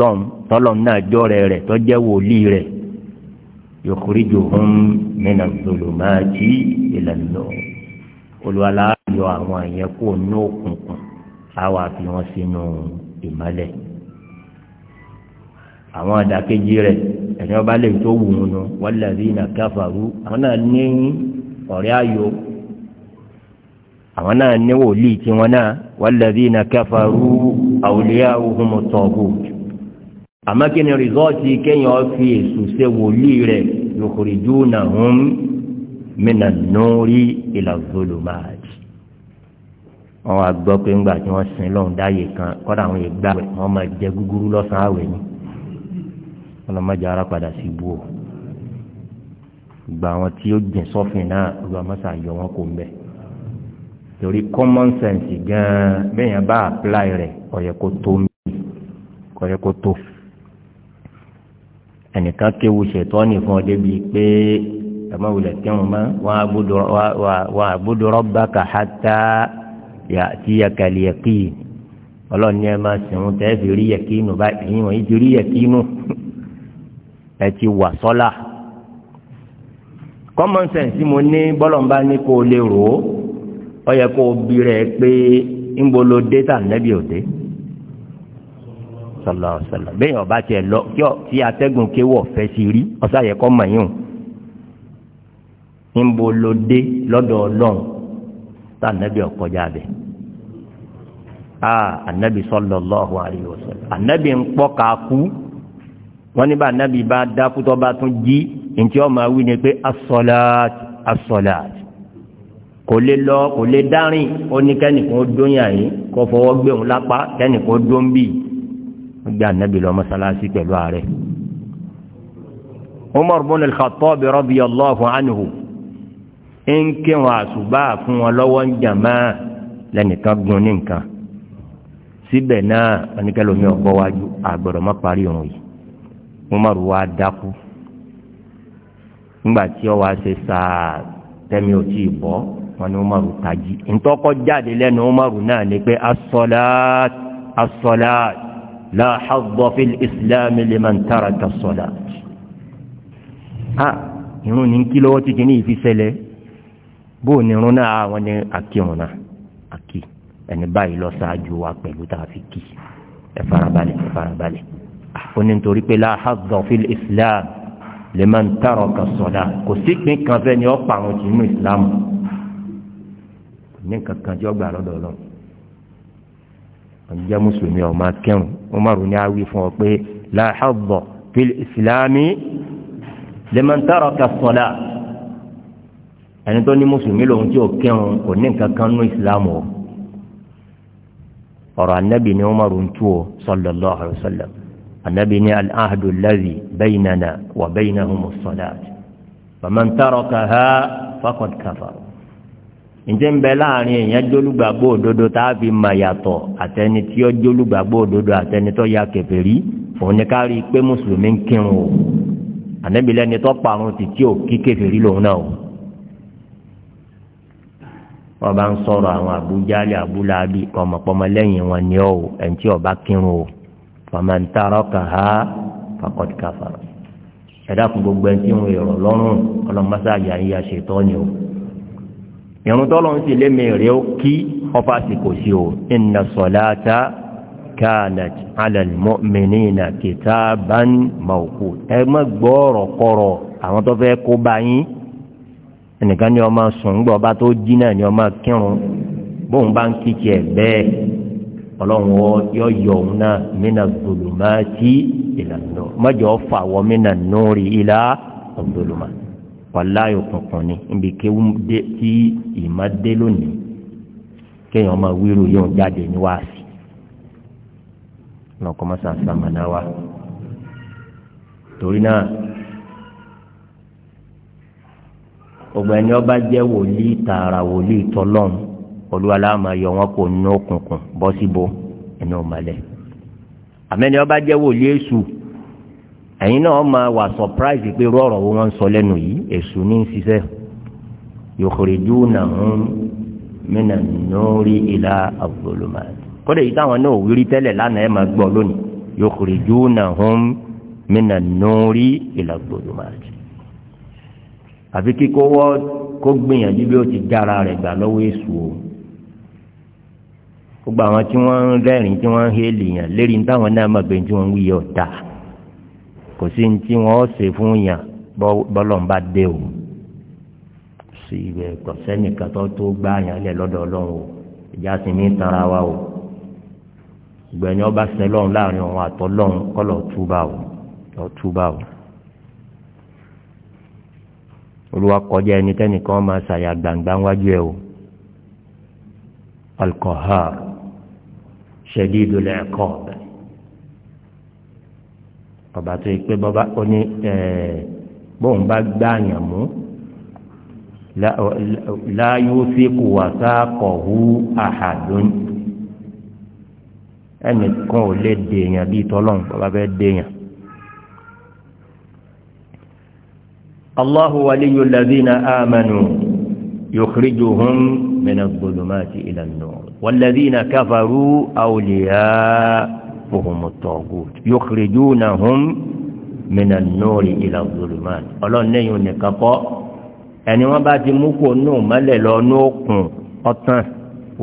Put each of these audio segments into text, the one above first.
lọ́n tọ́lọ́n náà jọ́rẹ̀ rẹ̀ tọ́jẹ́ wòlíì rẹ̀ yukhrijuhum mina zulumati ila nur olùwàlà yọ àwọn àyẹ̀ kó ní òkùnkùn àwa fi wọn sínú ìmọ́lẹ̀ àwọn àdàkejì rẹ̀ ẹni ọba lè tó wù wọn nù walladhina kafaru àwọn náà ní ọ̀rẹ́ ayò àwọn náà ní wòlíì tiwọn náà walladhina kafaru awliya'uhumu taghut àmọ́ kí ni rìsọ́ọ̀tì kéèyàn fi èsù ṣe wòlíì rẹ̀ yukhrijunahum minan nuri ila zulumat. wọ́n wá gbọ́ pé ńgbà tí wọ́n sin lọ́hùn dáyé kan kọ́dà àwọn ìgbà rẹ̀ wọ́n máa jẹ gúgúrú lọ́sàn-án àwẹ̀ ni wọ́n lọ́ máa jẹ ara padà sí ibú o. gba àwọn tí ó jìn sọ́fìn náà olú àmọ́sà yọ wọn kò ń bẹ̀. torí common sense gan-an bẹ́ẹ̀ yẹn bá apply rẹ̀ ó kó tó mi ó kó tó fi ẹnìkan kéwu ṣètọ́ni fún ọ débi pé ẹ̀mọ́ wulẹ̀ kírun mọ́ wọn àbúdó rọ́bà kà á tá tí yakali yẹkì ọlọ́run ní ẹ máa sìn tẹ́ ẹ fi rí yẹkì nù báyìí ẹ̀yin wọ̀nyí ti rí yẹkì nù ẹ ti wà sọ́là common sense mo ní bọ́lọ̀mbá ní kó lè rò ó ọ yẹ kó o bí rẹ̀ pé ń bolo dé tà nẹ́bí òde sallallahu alaihi wasallam bẹ́ẹ̀ ọba tiẹ̀ lọ yọ tí atẹ́gùn kéwọ̀ fẹ́ sí rí ọ̀sáyẹ kọ́ mọ̀ yín o níbo ló dé lọ́dọ̀ ọlọ́run tá ànábì ọ̀kọjá bẹ̀ aa ànábì sallallahu alaihi wasallam ànábì ń pọ́ ká kú wọ́n ní bá ànábì bá dákútọ́ bá tún jí ntí ọmọ awí ni pé asọ́láàt asọ́láàt kò lè lọ kò lè dárìn ó ní kẹ́nìkan ó dóyàn yìí kó fọwọ́ gbé òun lápá kẹ́nìkan ó dó ń bì yìí wọ́n gbé ànábì lọ mọ́sálásí pẹ̀lú ààrẹ. umar bin al-khattab radiyallahu anhu ń ké wọn àṣùbà fún wọn lọ́wọ́ ń jàmá lẹ́nìkan gun ní nǹkan síbẹ̀ náà oníkẹ́lómi ọ̀gbọ́ wájú àgbọ̀dọ̀ má parí òun yìí umar wa dákú nígbà tí ọ wá ṣe sáà tẹ́mi ò tí ì bọ́ wọn ni umaru tají ntọ́kọ́ jáde lẹ́nu umaru náà ni pé asọ́láàt asọ́láàt لا حظ في الإسلام لمن taraka الصلاة. salat a irun ní kí lọ́wọ́ tí kìíní ìfi sẹlẹ̀ bó ní irun náà àwọn ní akírun náà akí ẹni báyìí lọ ṣáájú wa pẹ̀lú tá a fi kí ẹ farabalẹ̀ ẹ farabalẹ̀ ó ní nítorí pé la hadda fi islam liman taraka as-salat kò sí kan fẹ́ ni ó pa àwọn tì nínú ìsìlámù ní kankan tí ó gbà lọ́dọ̀ ọlọ́run ọjọ́ mùsùlùmí ọmọ akẹ́rùn umaru ní awí fún ọ pé láhàbọ̀ fi ìsìlámi lẹ́mọ̀ntàrọ̀ kàfọ́lá ẹni tó ní mùsùlùmí lòun tí ò kẹ́rùn kò ní nǹkan kan nú ìsìlámù o ọ̀rọ̀ anábì ní umaru ń tú o sallallahu alaihi wasallam anábì ní al-ahdu allazi baynana wa baynahum as-salat faman tarakaha faqad kafara ǹjẹ́ ń bẹ láàrin èèyàn jólúgbàgbọ́ òdodo tá a fi mà yàtọ̀ àtẹni tí ó jólúgbàgbọ́ òdodo àtẹni tó ya kèfèrí òun ni ká rí i pé mùsùlùmí ń kírun o ànábi lẹni tó parun ti tí ò kí kèfèrí lòun náà o. wọ́n bá ń sọ̀rọ̀ àwọn àbújálẹ̀ àbúláàbí ọmọpọmọ lẹ́yìn wọn ni ó ẹni tí ó kírun o faman tarakaha faqad kafara ẹ̀dá kú gbogbo ẹni tí ń rọ̀ lọ́rùn ọlọ́mọsáàyà ń ya ṣètọ́ ni o ìrun tọ́lọ̀ ń sì lémi rẹ̀ ó kí ọfà sì kò sí o inna salata kanat ala almu'minina kitaban mawquta ẹ mọ́ gbọ́ọ̀rọ̀ kọ̀rọ̀ àwọn tó fẹ́ kó bá yín ẹnìkan ni ọmọ sùn gbọ́ ọba tó jí náà ni ọmọ kírun bóun bá ń kí tiẹ̀ bẹ́ẹ̀ ọlọ́run yọ yọ òun náà mina zulumati ìlànà mọ́jọ́ fà wọ́ mina nuri ila zulumati wàláyò kankan ni níbi kéwú tí ìmọ̀ dé lónìí kéèyàn máa wíru yóò jáde ní wáàsí lọkọ mọ sàmànà wa torí náà ọgbà ẹni ọba jẹ wòlíì tààrà wòlíì tọlọ́run olúwaláàmà yọ wọn kò ní òkùnkùn bọ síbo ẹni ò àmẹni ọba jẹ wòlíì èṣù ẹ̀yin náà máa wà surprise pé irú ọ̀rọ̀ wo wọ́n ń sọ lẹ́nu yìí èṣù ní í ṣiṣẹ́ yukhrijunahum minan nuri ila adh-dhulumat kódà yìí táwọn náà wírí tẹ́lẹ̀ lánàá ẹ̀ máa gbọ́ lónìí yukhrijunahum minan nuri ila adh-dhulumat àfi kíkó wọ́ kó gbìyànjú bí ó ti dára rẹ̀ gbà lọ́wọ́ èṣù o gbogbo àwọn tí wọ́n ń rẹ́rìn tí wọ́n ń hélìyàn lérí táwọn náà mọ̀ pé tí wọ́n ń wí ọ̀tá kò sí ní tí wọ́n ṣe fún yàn bọ́lọ́n bá dé o sí ibẹ̀ kò sẹ́nìkan tó tó gbá yàn lẹ̀ lọ́dọ̀ ọlọ́run o ìjà sì ní tara wa o ìgbẹ̀yìn ọba sẹlọ́run láàrin òun àtọ́lọ́run kọ́ lọ́ọ́ túbà o lọ́ọ́ túbà o olùwà kọjá ẹni tẹnìkan máa ṣàyà gbangba wájú ẹ o alkohar ṣẹdídò lẹ́ẹ̀kọ́ ọ̀bẹ ọba tó yẹ pé bọ́ba ó ní bóun bá gbààyàn mú láyé ó sì kù wá sáàkọ̀ hu àhàdùn ẹnìkan ò lè dèèyàn bíi tọ́lọ́n bọ́ba fẹ́ dèèyàn. الله ولي الذين آمنوا يخرجهم من الظلمات إلى النور والذين كفروا أولياء ربهم الطاغوت يخرجونهم من النور إلى الظلمات ọlọ́run lẹ́yìn onìkan kọ́ ẹni wọ́n bá ti mú kó nù mọ́lẹ̀ lọ ní òkun ọ̀tàn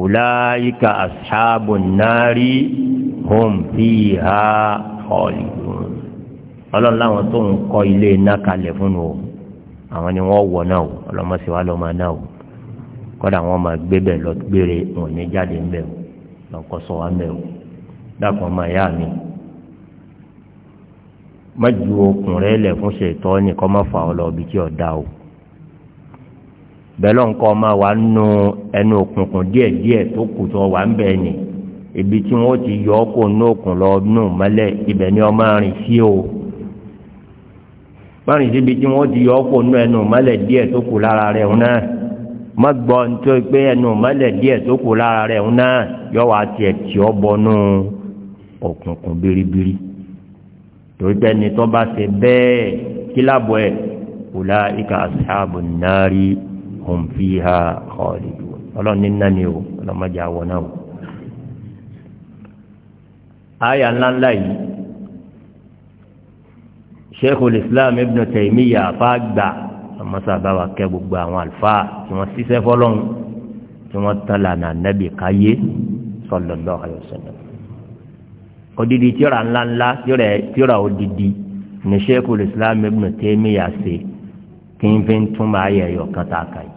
ọ̀làyíká aṣáàbò náírì hom fiha khalidun ọlọ́run láwọn tó ń kọ́ ilé iná kalẹ̀ fún o àwọn ni wọ́n wọ̀ náà o ọlọ́mọṣẹ́wá lọ́mọ náà o kọ́dà wọ́n máa gbé bẹ̀ lọ gbére wọn ò ní jáde ńbẹ̀ o lọ́kọ́ sọ wá ńbẹ̀ o. dákun ọmọ ya mi ma okùn rẹ lẹ̀ fún ṣètọ́ ni kọ́ ma fà ọ́ lọ ibi tí o bẹ́ẹ̀ lọ́n ma ọmọ wa nù ẹnu òkùnkùn díẹ̀díẹ̀ tó kù tó wà ń bẹ̀ ni ibi tí wọ́n ti yọ ọ́ kó òkùn lọ nù mọ́lẹ̀ ibẹ̀ ni ọmọ rìn sí o márùn síbi tí ti yọ ẹnu mọ́lẹ̀ díẹ̀ tó kù lára rẹ̀ ń náà má gbọ́ nítorí pé ẹnu mọ́lẹ̀ díẹ̀ tó kù lára rẹ̀ ń náà yọ wá tiẹ̀ òkùnkùn biribiri torí tẹ́ni tó bá ṣe bẹ́ẹ̀ kíláàbọ̀ ẹ̀ kùlá ìka àṣàbùn náàrí hùn fi ha ọ̀lì ọlọ́ni náà ni o ọlọ́mọdé àwọ̀ náà o. àyà ńláńlá yìí sheikh islam ibn taymiya afa gbà àmọ́sàbáwa kẹ́ gbogbo àwọn àlùfáà tí wọ́n ṣiṣẹ́ fọlọ́run tí wọ́n tán lànà nẹ́bì káyé sallallahu alaihi wasallam odidi tíra ńláńlá tíra odidi ní Sheikhul Islam Ibn Taymiyyah ṣe kí n fi túmọ̀ ayẹyọ kàtà kàyí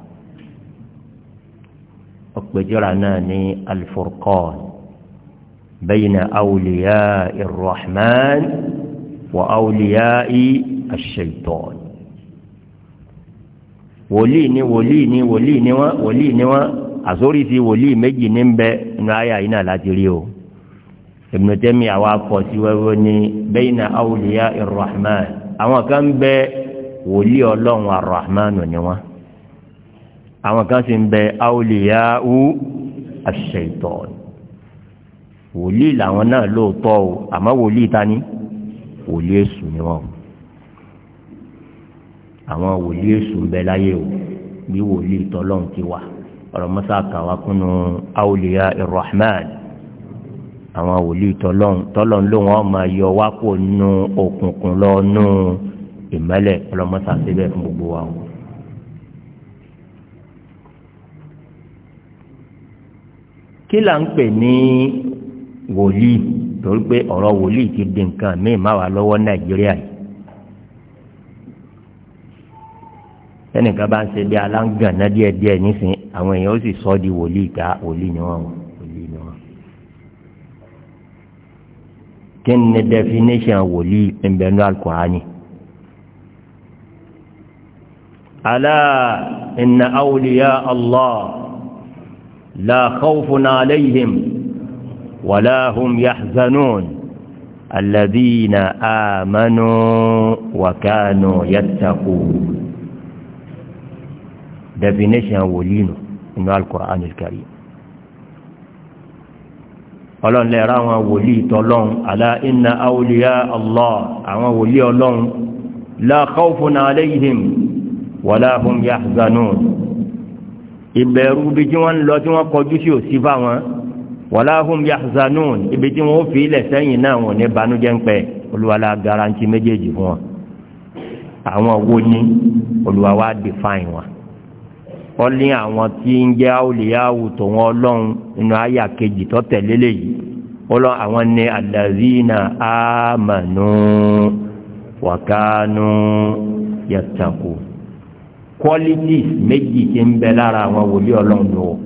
ọ̀pẹ̀jọ́ra náà ní Al-Furqan bayna awliya'i wa awliya'i ash-Shaytan wòlíì ni wòlíì ni wòlíì ni wọ́n wòlíì ni wọ́n àsórí ti méjì ní ń bẹ ayé àyínà láti rí o. Ibn Taymiyyah àwa kọ sí wẹ́wẹ́ ní bayna awliya irrahman àwọn kan bẹ wòlíì ọlọ́run arrahman ni wọn àwọn kan sì ń bẹ awliya u ash-shaytan wòlíì làwọn náà lóòótọ́ o àmọ́ wòlíì ta ni wòlíì èṣù ni wọn àwọn wòlíì èṣù ń bẹ láyé o bí wòlíì tọ́lọ́run ti wà ọ̀rọ̀ mọ́sá kàwá kúnnú awliya irrahman àwọn wòlíì tọlọ́n tọlọ́n ló wọn máa yọ wá kó nu òkùnkùn lọ nu ìmọ́lẹ̀ ọlọ́mọta síbẹ̀ fún gbogbo wa o. kí là ń pè ní wòlíì torí pé ọ̀rọ̀ wòlíì ti di nǹkan míì má wà lọ́wọ́ nàìjíríà yìí. ẹnìkan bá ń ṣe bí aláǹgànná díẹ̀díẹ̀ nísìnyí àwọn èèyàn ó sì sọ ọ́ di wòlíì ká wòlíì ni wọ́n wọ̀. kí ni definition wòlíì ìbẹ̀nu alukurani. ala inna awliya allah la khawfun alayhim wala hum yahzanun alladhina amanu wa kanu yattaqun definition wòlíì nù ìbẹ̀nu alukurani kari. ọlọ́run lè ra àwọn wòlíì tọ́lọ́run àlá inna awliya allah àwọn wòlíì ọlọ́run la khawfun alayhim wala hum yahzanun ìbẹ̀rù bí tí wọ́n ń lọ tí wọ́n kọjú sí òsì fáwọn wala hum yahzanun ibi tí wọ́n fi ilẹ̀ sẹ́yìn náà wọn ní banújẹ́ ń pẹ́ olúwalá garanti méjèèjì fún wọn àwọn wo ni olúwa wa define wọn wọ́n lé àwọn tí ń jẹ́ àwòléyàwó tó wọn lọ́hùn nínú àyà kejì tó tẹ̀lé léyìí wọ́n lọ àwọn ní àdàzínà àmànú wàkánú yàtàkù qualities méjì tí ń bẹ lára àwọn wòlíì ọlọ́run lò wọ́n.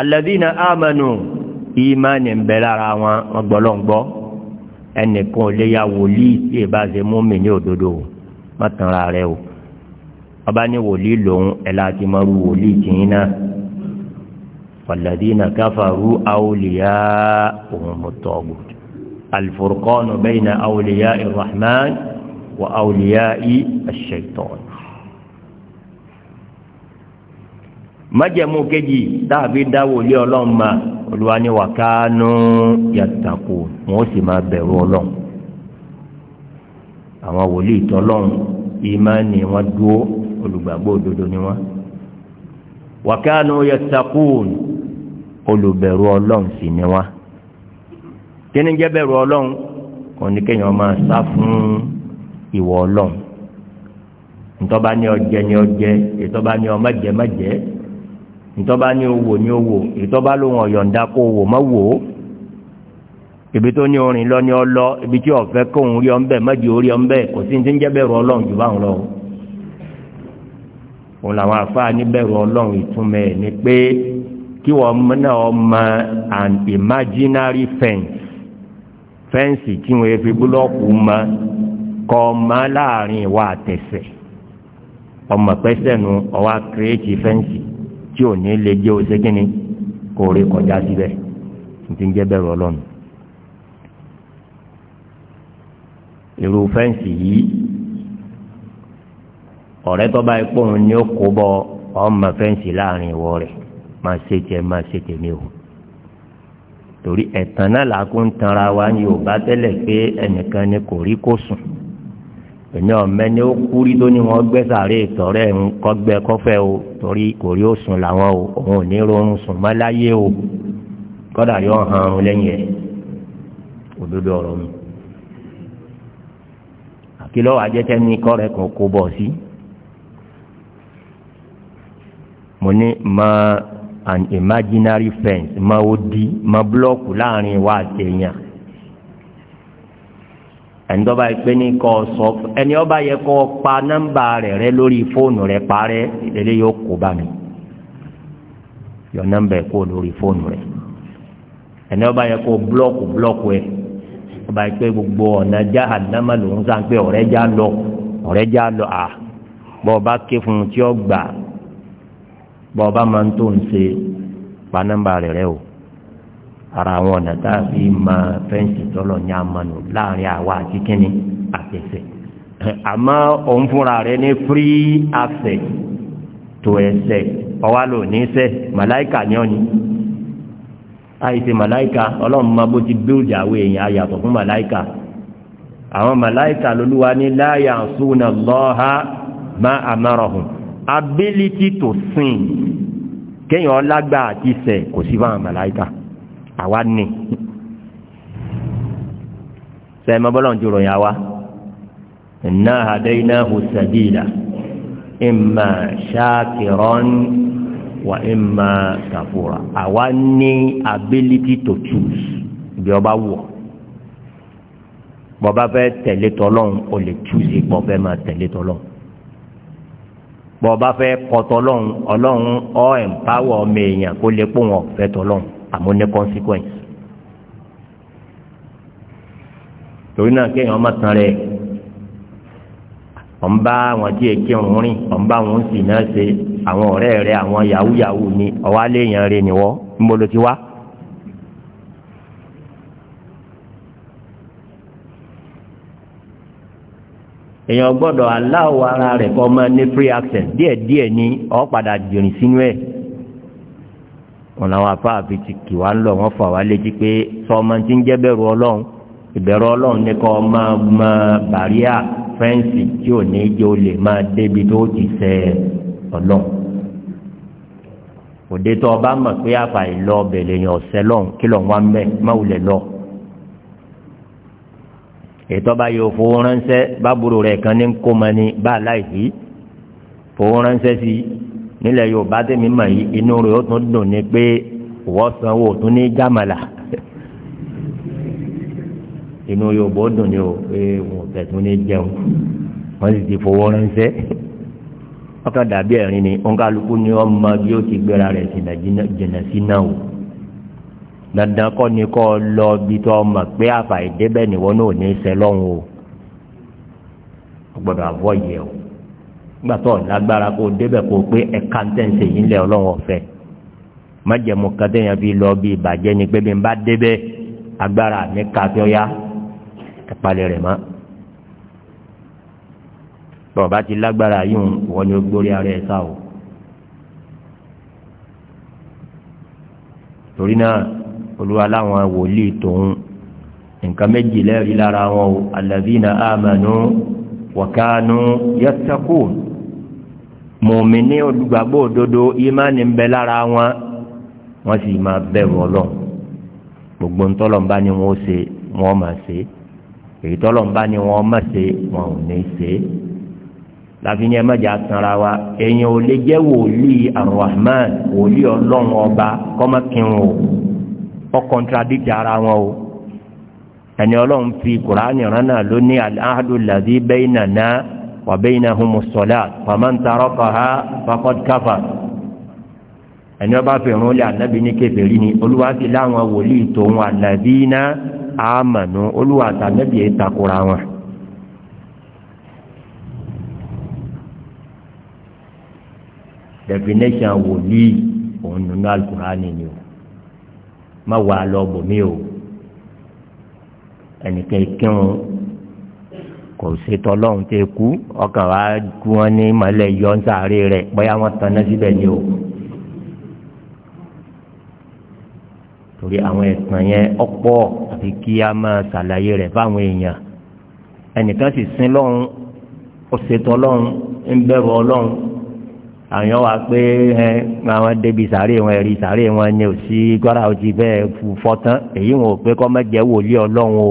àdàzínà àmànú ìmánì ń bẹ lára àwọn ọgbọ́lọ́ngbọ́ ẹnìkan ò lè ya wòlíì tí ì bá ṣe mú mi ní òdodo má tanra rẹ o ọba ní wòlíì lòun ẹ̀la ti máa ru wòlíì tìyín náà wàlàdínà káfàrú àwòlíyá òun mọ̀tọ́gù alifurukọ́nù bẹ́yìnà àwòlíyá irrahman wa àwòlíyá i aṣẹ́tọ́n. májẹ̀mú kejì dàbí dá wòlíì ọlọ́run ma olúwa wàkánú yàtàkù wọn ó sì máa bẹ̀rù ọlọ́run àwọn wòlíì tọ́lọ́run ìmánì wọn dúró olùgbàgbọ́ òdodo ni wọ́n wa kanu yattaqun olùbẹ̀rù ọlọ́run sì ni wọ́n kíni jẹ́ bẹ̀rù ọlọ́run kéèyàn máa fún ìwọ ọlọ́run ntọ́ba ní ọjẹ́ ní ọjẹ́ ìtọ́ba ní ọmọjẹ́ mọ́jẹ́ ìtọ́ba ní owó ní owó ìtọ́ba ọ̀yọ̀ǹda kó owó wò ó ibi tó ní orin lọ ní ọlọ ibi tí ọ̀fẹ́ rí mọ́jì orí kò sí ní ti òun làwọn afáà níbẹ̀rù ọlọ́run ìtumọ̀ ni pé kí wọ́n náà ọmọ an imaginary fence Fence tí wọ́n fi búlọ́ọ̀kù mọ kọ́ ọmọ láàrin ìwà àtẹ̀sẹ̀ ọmọ pẹ́sẹ̀nu ọwá kírẹ́ẹ̀tì fẹ́ǹsì tí ò ní lè jẹ́ oṣégínní kò rí kọjá síbẹ̀ tí ń jẹ́ bẹ̀rù ọlọ́run irú fẹ́ǹsì yìí ọ̀rẹ́ tó bá ipò òun ni ó kó bọ ọmọ fẹ́ǹsì láàrin ìwọ rẹ̀ máa ṣe tiẹ̀ máa ṣe tèmi o torí ẹ̀tàn náà làákún ń tanra wa ni ò bá tẹ́lẹ̀ pé ẹnìkan ni kò rí kó sùn èmi ọ̀mẹ́ ni ó kúrí tó ní wọ́n gbé sàárè ìtọ̀rẹ́ ń kọ́gbẹ́ kọ́fẹ́ o torí kò rí òsùn làwọn o òun ò ní rọrùn sùn mọ́ láyé o kọ́dà yóò han ọ̀run lẹ́yìn ẹ̀ òdodo ọ̀rọ̀ mi àkìlọ́wọ́ ajẹ́tẹ́ kọ́ rẹ̀ kàn kó bọ̀ sí. Si mo ní mọ an imaginary fence mọ odi ma búlọ́ọ̀kù láàrin wa àtẹ̀yàn ẹni tó bá yẹ pé ní kọ sọ ẹni ọba yẹ kọ pa nọ́mbà rẹ̀ rẹ́ lórí fóònù rẹ̀ parẹ́ ìdílé yóò kó bá mi yọ nọ́mbà ẹ kó lórí fóònù rẹ̀ ẹni ọba yẹ kó búlọ́ọ̀kù búlọ́ọ̀kù ẹ ọba yẹ gbogbo ọ̀nà já àdámà lòún sàn pé ọ̀rẹ́ já lọ ọ̀rẹ́ já lọ à bọ́ ọba ké fún un tí ó gbà bọ́ọ̀bá máa ń tó ń ṣe pa nọ́mbà rẹ̀ rẹ̀ o ara àwọn ọ̀nà tá a fi máa fẹ́ǹsì tọ́lọ̀ ní amọ̀nù láàrin àwa àti kínní àtẹ̀sẹ̀ àmọ́ òun fúnra rẹ̀ ní free access to ẹsẹ̀ ọwá lò ní sẹ́ màláìkà ní ọ̀nì àìsè màláìka ọlọ́run máa bó ti bíldì àwọn èèyàn ayàtọ̀ fún màláìka àwọn màláìka lolúwa ní láyà súnà lọ́ha má àmárọ̀hùn ability to sin kéèyàn ọlágbà àti ìsẹ̀ kò sí fáwọn màláìka àwa ni sẹ́yìnmọ́ bọ́lá ń ju ròyìn àwa inna hadaynahu sabila imma shakiran wa imma kafura àwa ní ability to choose ibi ọba wọ̀ bọ́ba fẹ́ tẹ̀lé tọ́lọ́run o lè choose ipò fẹ́ máa tẹ̀lé tọ́lọ́run bọ́ ọba fẹ́ kọ́tọ́ ọlọ́run ọlọ́run ọ́ ẹ̀mpáwọ̀ ọmọ èèyàn kó lè pò wọn fẹ́ tọ́ ọlọ́run àmọ́ ní consequence. torí náà kéèyàn ọmọ tán rẹ̀ ọ̀n bá àwọn tí èké ń rìn ọ̀n bá wọn sì náà ṣe àwọn ọ̀rẹ́ rẹ̀ àwọn yahoo yahoo ni ọ̀wá léèyàn rẹ̀ nìwọ́ ń bolo ti wá. èèyàn gbọ́dọ̀ aláwọ̀ ara rẹ̀ kọ́ máa ní free access díẹ̀ ni ọ padà dìrìn sínú ẹ̀ wọn làwọn afáàfi ti kì wá ń lọ wọn fà wá létí pé sọmọ tí ń jẹ́ bẹ̀rù ọlọ́run ìbẹ̀rù ọlọ́run ní kọ́ máa bàríà fẹ́ǹsì tí ò ní jẹ́ lè máa débi tó ti sẹ ọlọ́run òde tó ètò bá yóò fowó ránṣẹ́ bábúrò rẹ̀ kan ní kó mọ ni bá láìsí fowó ránṣẹ́ sí nílẹ̀ yorùbá tẹ̀mí mọ̀ yìí inú rẹ̀ ó tún dùn ní pé wọ́n sanwó tún ní jámàlà inú yorùbá ó dùn ní o pé wọ́n tẹ̀sùn ní jẹun wọ́n sì ti fowó ránṣẹ́ ọkàn dàbí ẹ̀rín ni òǹkàlùkù ni ọmọ bí ó ti gbéra rẹ̀ jìnnà sí náà o dandan kọ́ ni kọ́ lọ bí tọ́ mọ̀ pé àfàìdé bẹ́ẹ̀ ni wọ́n náà ní í ṣe lọ́hùn o gbọ́dọ̀ àbọ̀ yẹ o nígbà tó lágbára kó débẹ̀ kó pé ẹ̀ka ń tẹ̀sí yìí lẹ̀ ọlọ́run ọ̀fẹ́ májẹ̀mú kẹtẹ́yìn fi lọ bí ìbàjẹ́ ni pé bí bá débẹ̀ agbára mi ka tó yá ẹ̀palẹ̀ rẹ̀ mọ́ bọ̀ọ̀bá ti lágbára yìí wọ́n ni ó gbórí ara ẹ̀ sá o torí náà olúwa láwọn wòlíì tòun nǹkan méjì lẹ́rìí lára wọn o alladhina amanu wa kanu yattaqun mùmíní olùgbàgbọ́ òdodo ìmánì ń bẹ lára wọn wọ́n sì máa bẹ̀rù ọlọ́run gbogbo ntọ́lọ́mbá ni wọ́n ṣe wọ́n máa ṣe èyí tọ́lọ́mbá ni wọ́n máa ṣe wọ́n ò ní ṣe láfíní ẹ mẹ́jà sanra wa èèyàn ò lè jẹ́ wòlíì arrahman wòlíì ọlọ́run ọba kọ́mọ́kìnrún o. ọ kọntradikti ara wọn o ẹni ọlọ́run fi kuraani rana ló ní al-ahdu alladhi baynana wa baynahumu s-salat faman tarakaha faqad kafar ẹni ọba fẹ̀rún lé anabi ní kèfèrí ni olúwa ti láwọn wọn tòun alladhina amanu olúwa tàbí ètò àkúrà wọn. definition wòlíì òun nínú alukurani ni o má wà á lọ bò mí o ẹnìkan kírun kò ṣètò ọlọ́run tẹ kú ọkàn wa kú wọn ní mọ̀lẹ́ yọ ń sáré rẹ̀ bóyá wọ́n tanná síbẹ̀ ni o. torí àwọn ẹ̀sán yẹn ọ̀pọ̀ àfi kí a máa ṣàlàyé rẹ̀ fáwọn èèyàn ẹnìkan sì sin lọ́run ó ṣètò ń bẹ̀rù ọlọ́run àwọn wa pé ẹ àwọn débi sàárè wọn ẹ̀rí sàárè wọn ni ò sí gbọ́dọ̀ ò bẹ́ẹ̀ fún fọ́tán èyí wọn ò pé kọ́ mẹ́jẹ wòlíì ọlọ́run o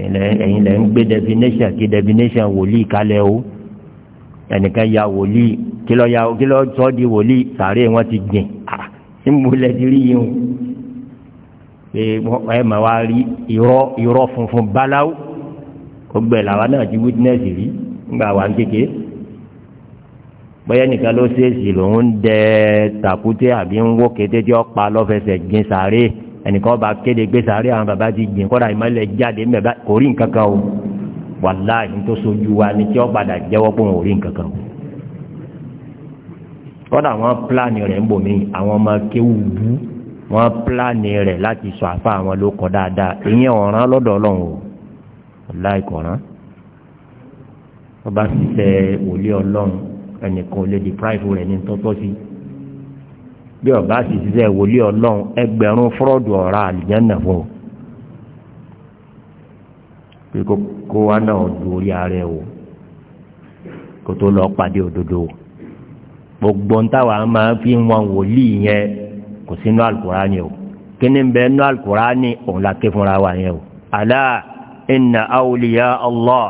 ẹ̀yin lẹ́ gbé definition kí definition wòlíì kalẹ̀ o ẹnìkan ya wòlíì kí ló ya kí ló sọ di wòlíì sàárè wọn ti gbìn ah ń múlẹ̀ ti rí yín o pé ẹ mà wá rí irọ́ irọ́ funfun báláwo ó gbẹ̀ làwa náà ti witness rí ńgbà wà ń kékeré bóyá nìkan ló ṣèèṣì lòun ń dẹ tàkúté àbí ń wó kété tí ó pa lọ́fẹsẹ̀ gbin sàárè ẹnìkan bá kéde gbé sàárè àwọn bàbá ti gbìn kọ́ra ìmọ̀lẹ̀ jáde ń bẹ̀bá kò rí nǹkan kan o wàláhì tó sojú wa ni tí ó padà jẹ́wọ́ pé òun ò rí nǹkan kan o. kọ́dà wọ́n pílánì rẹ̀ ń bò mí àwọn ọmọ kéwù bú wọ́n pílánì rẹ̀ láti sọ àfa àwọn ló kọ́ dáadáa ìyẹn ọ̀ràn lọ́dọ̀ ọlọ́run o wàláhì ẹnìkan ò lè deprive rẹ̀ ní tọ́tọ́ sí bí ọba sì ṣiṣẹ́ wòlíì ọlọ́run ẹgbẹ̀rún fúrọ́dù ọ̀rá àlìjánà fún o pé kó wá náà du orí ààrẹ o kó tó lọ pàdé òdodo gbogbo ntàwa máa fi ń wọn wòlíì yẹn kò sínú alukurani o kíni bẹ nínú alukurani òun la ké fúnra wa yẹn o alá inna awliya allah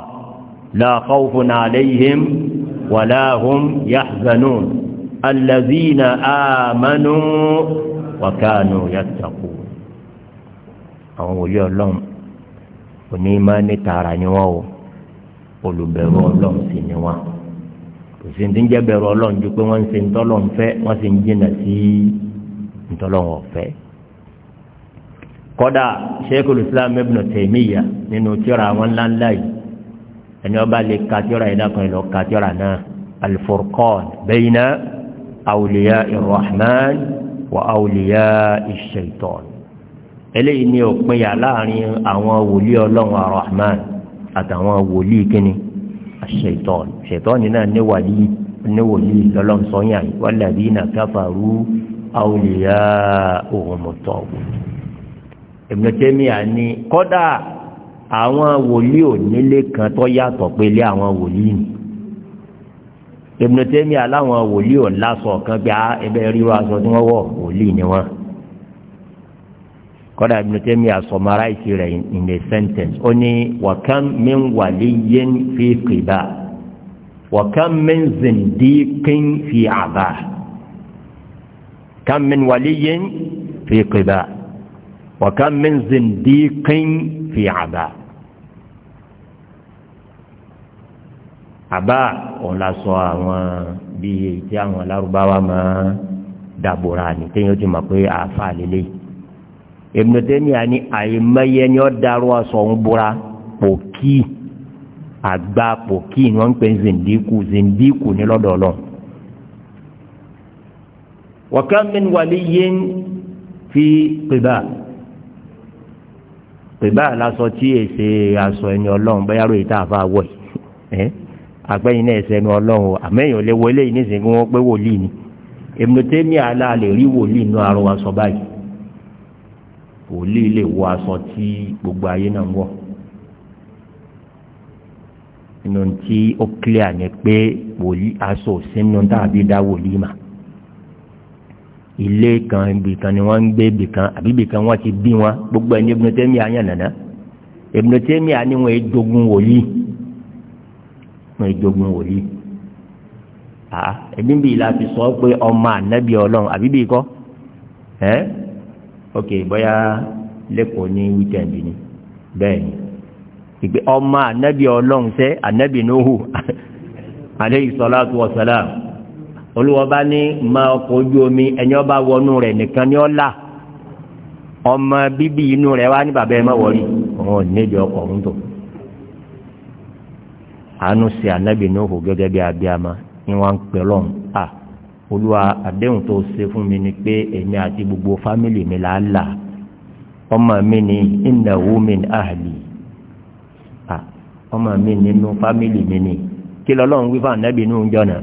la khawfun alayhim. ولا هم يحزنون الذين آمنوا وكانوا يتقون àwọn wòlíì ọlọ́run òní máa ní tààrà ni wọ́n o olùbẹ̀rù ọlọ́run sì ni wọ́n kò sí ní jẹ́ bẹ̀rù ọlọ́run ju pé wọ́n ń ṣe ntọ́lọ́run fẹ́ wọ́n sì ń jìnnà sí ntọ́lọ́run ọ̀fẹ́. kọ́dà Sheikhul Islam Ibn Taymiyyah nínú tírà àwọn ńláńlá yìí ẹni ọba lè kàtíọ́ra ìdákan ìlọ kàtíọ́ra náà alifurqan bayna awliya irrahman wa awliya ishaitan eléyìí ni òpinya láàrin àwọn wòlíì ọlọ́run arrahman àtàwọn wòlíì kíni ashaitan shaitan náà ní wàlíì ní wòlíì lọ́lọ́run sọ́yìn àyè walladhina kafaru awliya òhun mọ̀tọ́ Ibn Taymiyyah ní àwọn wòlíì onílé kan tó yàtọ̀ pé lé àwọn wòlíì ni Ibn Taymiyyah aláwọn wòlíì ọ̀làsọ̀ kan gbà ẹbẹ̀ ríro aṣọ tí wọ́n wọ̀ wòlíì ni wọ́n kọ́dà Ibn Taymiyyah summarize rẹ̀ in a sentence ó ní wa kam min waliyyin fi qiba wa kam min zindiqin fi aba kam min waliyyin fi qiba wa kam min zindiqin fi àbá àbá òun la sọ àwọn bíi èyí tí àwọn alárúbáwá máa dàbòrà ní téèyàn ti mọ̀ pé àáfà lélẹ̀ Ibn Taymiyyah ní àìmọye ni ó darú aṣọ òun bora pòkì àgbà pòkì ni wọ́n ń pè zindíkù zindíkù ní lọ́dọ̀ Ọlọ́run wa kam min waliyyin fi Quba pè bá tí èsè aṣọ ẹni ọlọ́run bẹ́ẹ̀ yàrá èyí tá a fà wọ̀ ẹ́ àgbẹ̀yìn náà ẹsẹ̀ ẹni ọlọ́run àmẹ́yìn ò wọlé yìí nísìnyí kí wọ́n pé wòlíì ni èmi ní àlá lè rí wòlíì inú arọ aṣọ báyìí wòlíì lè wọ aṣọ tí gbogbo ayé náà ń wọ̀ inú tí ó kílíà ni pé wòlíì aṣọ òsínú tàbí dá wòlíì mà ilé kan ibìkan ni wọ́n ń gbé ibìkan àbí ibìkan wọ́n ti bí wọn gbogbo ẹni Ibn Taymiyyah yàn nàná Ibn Taymiyyah ni wọ́n èjogun wòlíì wọ́n èjogun wòlíì à ẹbí bíi la fi sọ pé ọmọ ànábì Ọlọ́run àbí bíi kọ́ ẹ́ ok bóyá lẹ́kọ̀ọ́ ní wíkẹ́ndì ni bẹ́ẹ̀ ni ìgbé ọmọ ànábì Ọlọ́run sẹ́ ànábì Nuhu alayhi salatu wa salam olùwọ́ba ní ma ọkọ̀ ojú omi ẹni ọba wọnú rẹ̀ nìkan ni ọ́ là ọmọ bíbí inú rẹ̀ wá ní bàbá ẹ má wọlé ọ̀hún onídìí ọkọ̀ ọ̀hún tó àánú sí anábì ní òhù gẹ́gẹ́ bí abiyama ni wọ́n ń pè lọ́n à olúwa àdéhùn tó ṣe fún mi ni pé èmi àti gbogbo fámìlì mi là á là ọmọ mi ní ìnáwó mi àhàlì ọmọ mi nínú fámìlì mi ní kí lọ́lọ́run wí fún anábì ní òun jọ̀nà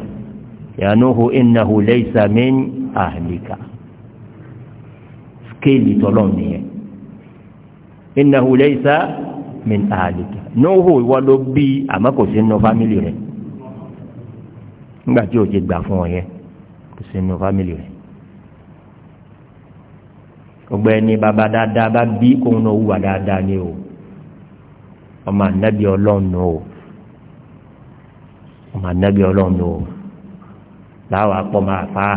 yanuhu innahu laysa min ahlika skéèlì tọ́lọ̀ nìyẹn innahu laysa min ahlika nuhu ìwọ ló bí àmọ́ kò sí nínú fámìlì rẹ̀ nígbà tí o ti gbà fún ọ yẹn kò sí nínú fámìlì rẹ̀ gbogbo ẹni bàbá dáadáa bá bí kóun ni o ọmọ ànábì ọlọ́run o ọmọ ànábì ọlọ́run o láwọn akpọ̀ máa fa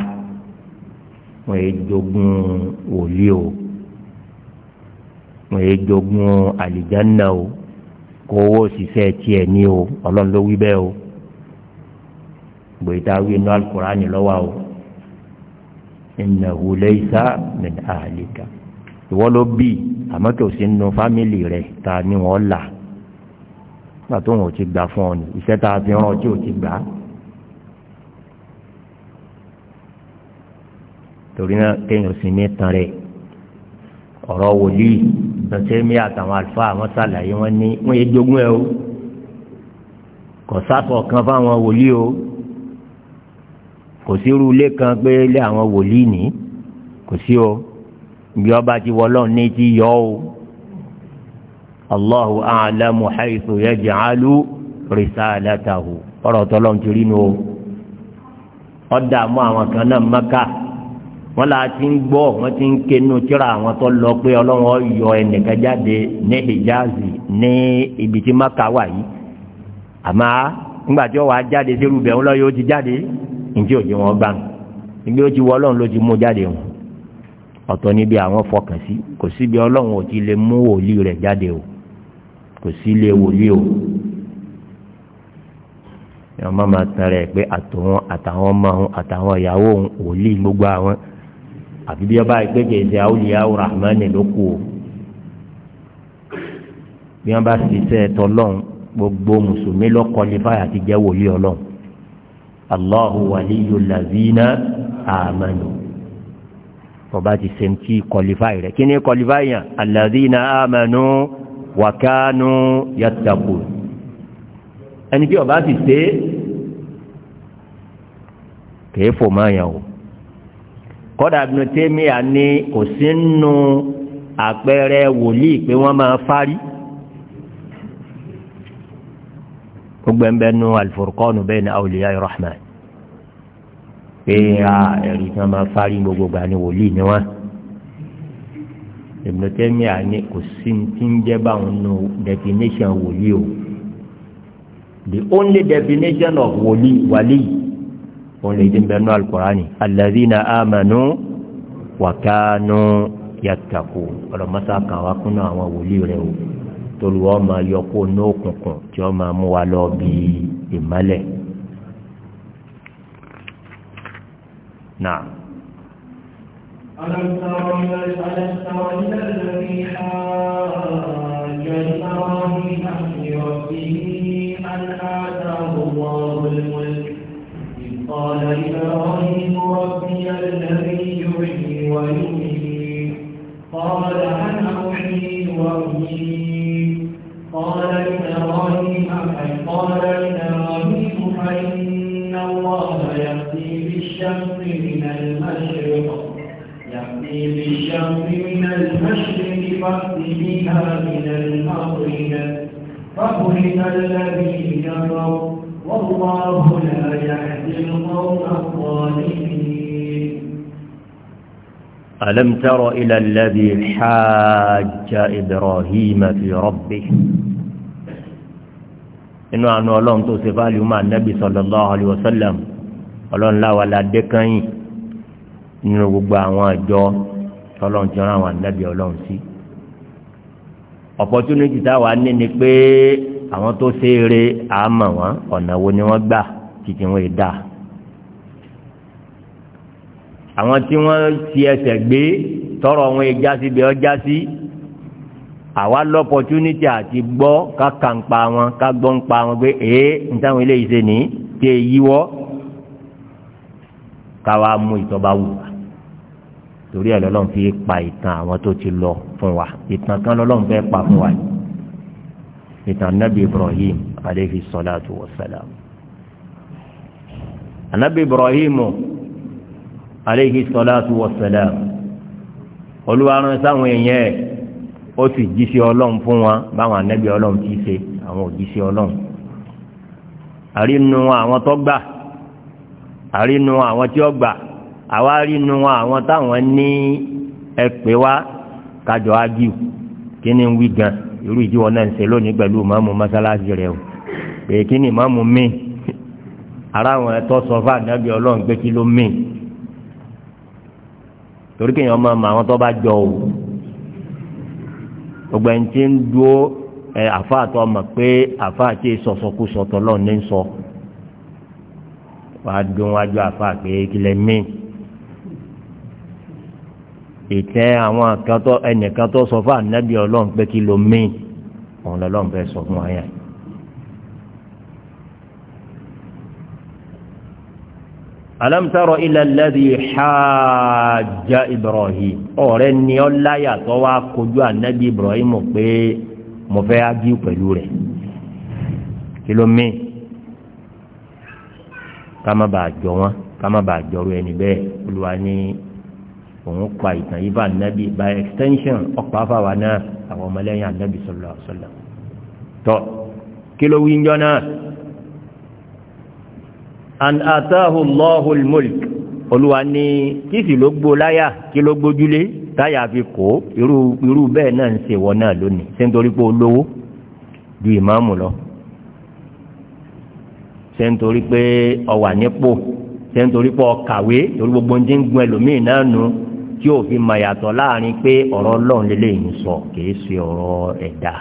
wọn yé jogún wòlí o wọn yé jogún àlìjáná o kó owó òṣìṣẹ́ tiẹ̀ ní o ọlọ́run ló wí bẹ́ẹ̀ o gbèyìtà wí inú alukurani lọ́wọ́ o innahu laysa min ahlika ìwọ ló bí àmọ́ kò sí nínú fámìlì rẹ̀ ta ni wọ́n là pàtó wọn ò ti gbà fún ọ ní iṣẹ́ fi rán ọ tí ò ti gbà á. torí náà kéèyàn sì mí tán rẹ̀ ọ̀rọ̀ wòlíì bẹ̀sẹ̀ àtàwọn àlùfáà wọn ní wọ́n ẹ o kò sáfọ̀ kan fáwọn wòlíì o kò sí irú pé àwọn wòlíì ní kò sí o bí ọba ti wọlọ́ ní ti yọ o allahu a'lamu wọn là ti ń gbọ́ wọn ti ń kenu tíra àwọn tó lọ pé ọlọ́wọ́ yọ ẹnìkan jáde ní hijazi ní ibi tí maka wà yìí àmọ́ ńgbà tí wọ́n wá jáde sírú bẹ̀ ń lọ yóò ti jáde ǹjẹ́ òjì wọn gbà ń ibi ó ti wọ ọlọ́run ló ti mú jáde wọn ọ̀tọ̀ níbi àwọn fọkàn sí kò síbi ọlọ́run ò ti lè mú wòlíì rẹ̀ jáde o kò sí lè wòlíì o ẹ máa tán pé àtàwọn ọmọ àtàwọn ìyàwó òun wòlíì gbogbo àwọn àfi bí wọn bá gbé kèsì àwòlíyá rahman ló kù o bí wọn bá ṣiṣẹ́ tọlọ́n gbogbo mùsùlùmí lọ́kọ́lífàyà ti jẹ́ wòlíì ọlọ́n allahu waliyu lazina amanu ọba ti ṣe ti kọlifáì rẹ̀ kí ni kọlifáì yàn alazina amanu wakanu yattaku ẹni tí ọba ti ṣe kèé máa yàn o kọ́dà Ibn Taymiyyah ní kò sí nù àpẹẹrẹ wòlíì pé wọ́n máa fárí gbogbo ẹ̀ńbẹ́ nu al-Furqan bayna awliya ar-Rahman pé ẹ̀rí tí wọ́n máa fárí gbogbo gbà ní wòlíì ni wọ́n. Ibn Taymiyyah ní kò sí ti ń jẹ́ báwọn nù definition wòlíì o the only definition of wòlíì wàlíì òun lè dín bẹ́ẹ̀ nú alukurani alladhina amanu wa kanu yattaqu ọlọmọsá kan wá kúnú àwọn wòlíì rẹ o tolúwa ọmọ yọkó ní òkùnkùn tí ọmọ mú wa lọ bí ìmọ́lẹ̀ náà. ألم تر إلى الذي حاج إبراهيم في ربه أن آتاه الله الملك قال إبراهيم ربي الذي يحيي ويميت قال أنا أحيي وأميت قال إبراهيم قال إبراهيم فإن الله يأتي بالشمس من المشرق يأتي بالشمس من المشرق فأت بها من المغرب فبهت الذي كفر والله لا يهدي القوم الظالمين ألم تر إلى الذي حاج إبراهيم في ربه inú àánú ọlọ́run tó ṣe fáàlì umar nabi sallallahu alayhi wa sallam ọlọ́run láwa la dé kányìn nínú gbogbo àwọn àjọ tọ́lọ́run ti rán àwọn ànábì ọlọ́run sí opportunity táwa ní ni pé àwọn tó ṣe é re àmọ́ wọn ọ̀nà wo ni wọ́n gbà títí wọn è dáa àwọn tí wọ́n ti ẹsẹ̀ gbé tọrọ wọn ìjà sí bí ọjà sí àwa lọ́pọ̀túnítì àti gbọ́ káka ń pa wọn ká gbọ́ ń pa wọn pé èé ń táwọn ilé ìṣe ní tí è yíwọ́ káwa mú ìtọ́ba wù wá torí ẹ̀ lọ́lọ́run fi pa ìtàn àwọn tó ti lọ fún wa ìtàn kan lọ́lọ́run fẹ́ pa fún wa yìí ìtàn nabi ibrahim aleyhi salatu wa salam anabi ibrahim aleyhi salatu wa salam olùwàrán sáwọn èèyàn ẹ ó sì jíṣẹ́ ọlọ́run fún wọn báwọn anabi ọlọ́run ti ṣe àwọn òjíṣẹ́ ọlọ́run àrínú àwọn tó gbà àrínú àwọn tí ó gbà àwa àrínú àwọn táwọn ní ẹpẹ wa kájọ ágìw kí ni wí gan-an irú ìjíwọ́ náà ń ṣe lónìí pẹ̀lú mọ́mú mọ́sálásí rẹ̀ o pé kí ni mọ́mú mi ara àwọn ẹ̀tọ́ sọ fún ànábì ọlọ́run pé kí ló mi torí kéèyàn máa mọ àwọn tó bá jọ o gbogbo ẹni tí ń dúó ẹ àfáà tó mọ̀ pé àfáà tí sọ̀sọ̀kú sọ̀tọ̀ lọ́ọ̀ ní sọ wàá dún wájú àfáà pé kí lẹ́ mìíràn ìtẹ́ àwọn àkàtọ́ ẹnìkan tó sọ fún ànábì ọlọ́run pé kí ló mí òun lọ́lọ́run fẹ́ sọ fún àyà. alam tara ila alladhi hajja ibrahim ọ̀rẹ́ ni ọ́ láyà wá kojú ànábì ibrahim pé mo fẹ́ ájú pẹ̀lú rẹ̀ kí ló mí ká má bàa jọ wọn ká má bàa jọrú ẹni bẹ́ẹ̀ olúwa ní òun pa ìtàn yìí bá ànábì by extension ọ̀pá fáwa náà àwọn ọmọlẹ́yìn ànábì sallallahu alaihi wasallam tọ́ kí ló wí ń jọ náà an ataahu allahul mulk olúwa ní kìsì ló gbó láyà kí ló gbójúlé táyà fi kó irú irú bẹ́ẹ̀ náà ń ṣe wọ náà lónìí ṣé nítorí pé olówó ju ìmáàmù lọ ṣé nítorí pé ọwà nípò ṣé nítorí pé ọkàwé torí gbogbo ń ti ń gun ẹlòmíì náà nù tí òfin mayàtọ̀ láàrin pé ọ̀rọ̀ ọlọ́run lélẹ́yìn ń sọ kìí ṣe ọ̀rọ̀ ẹ̀dá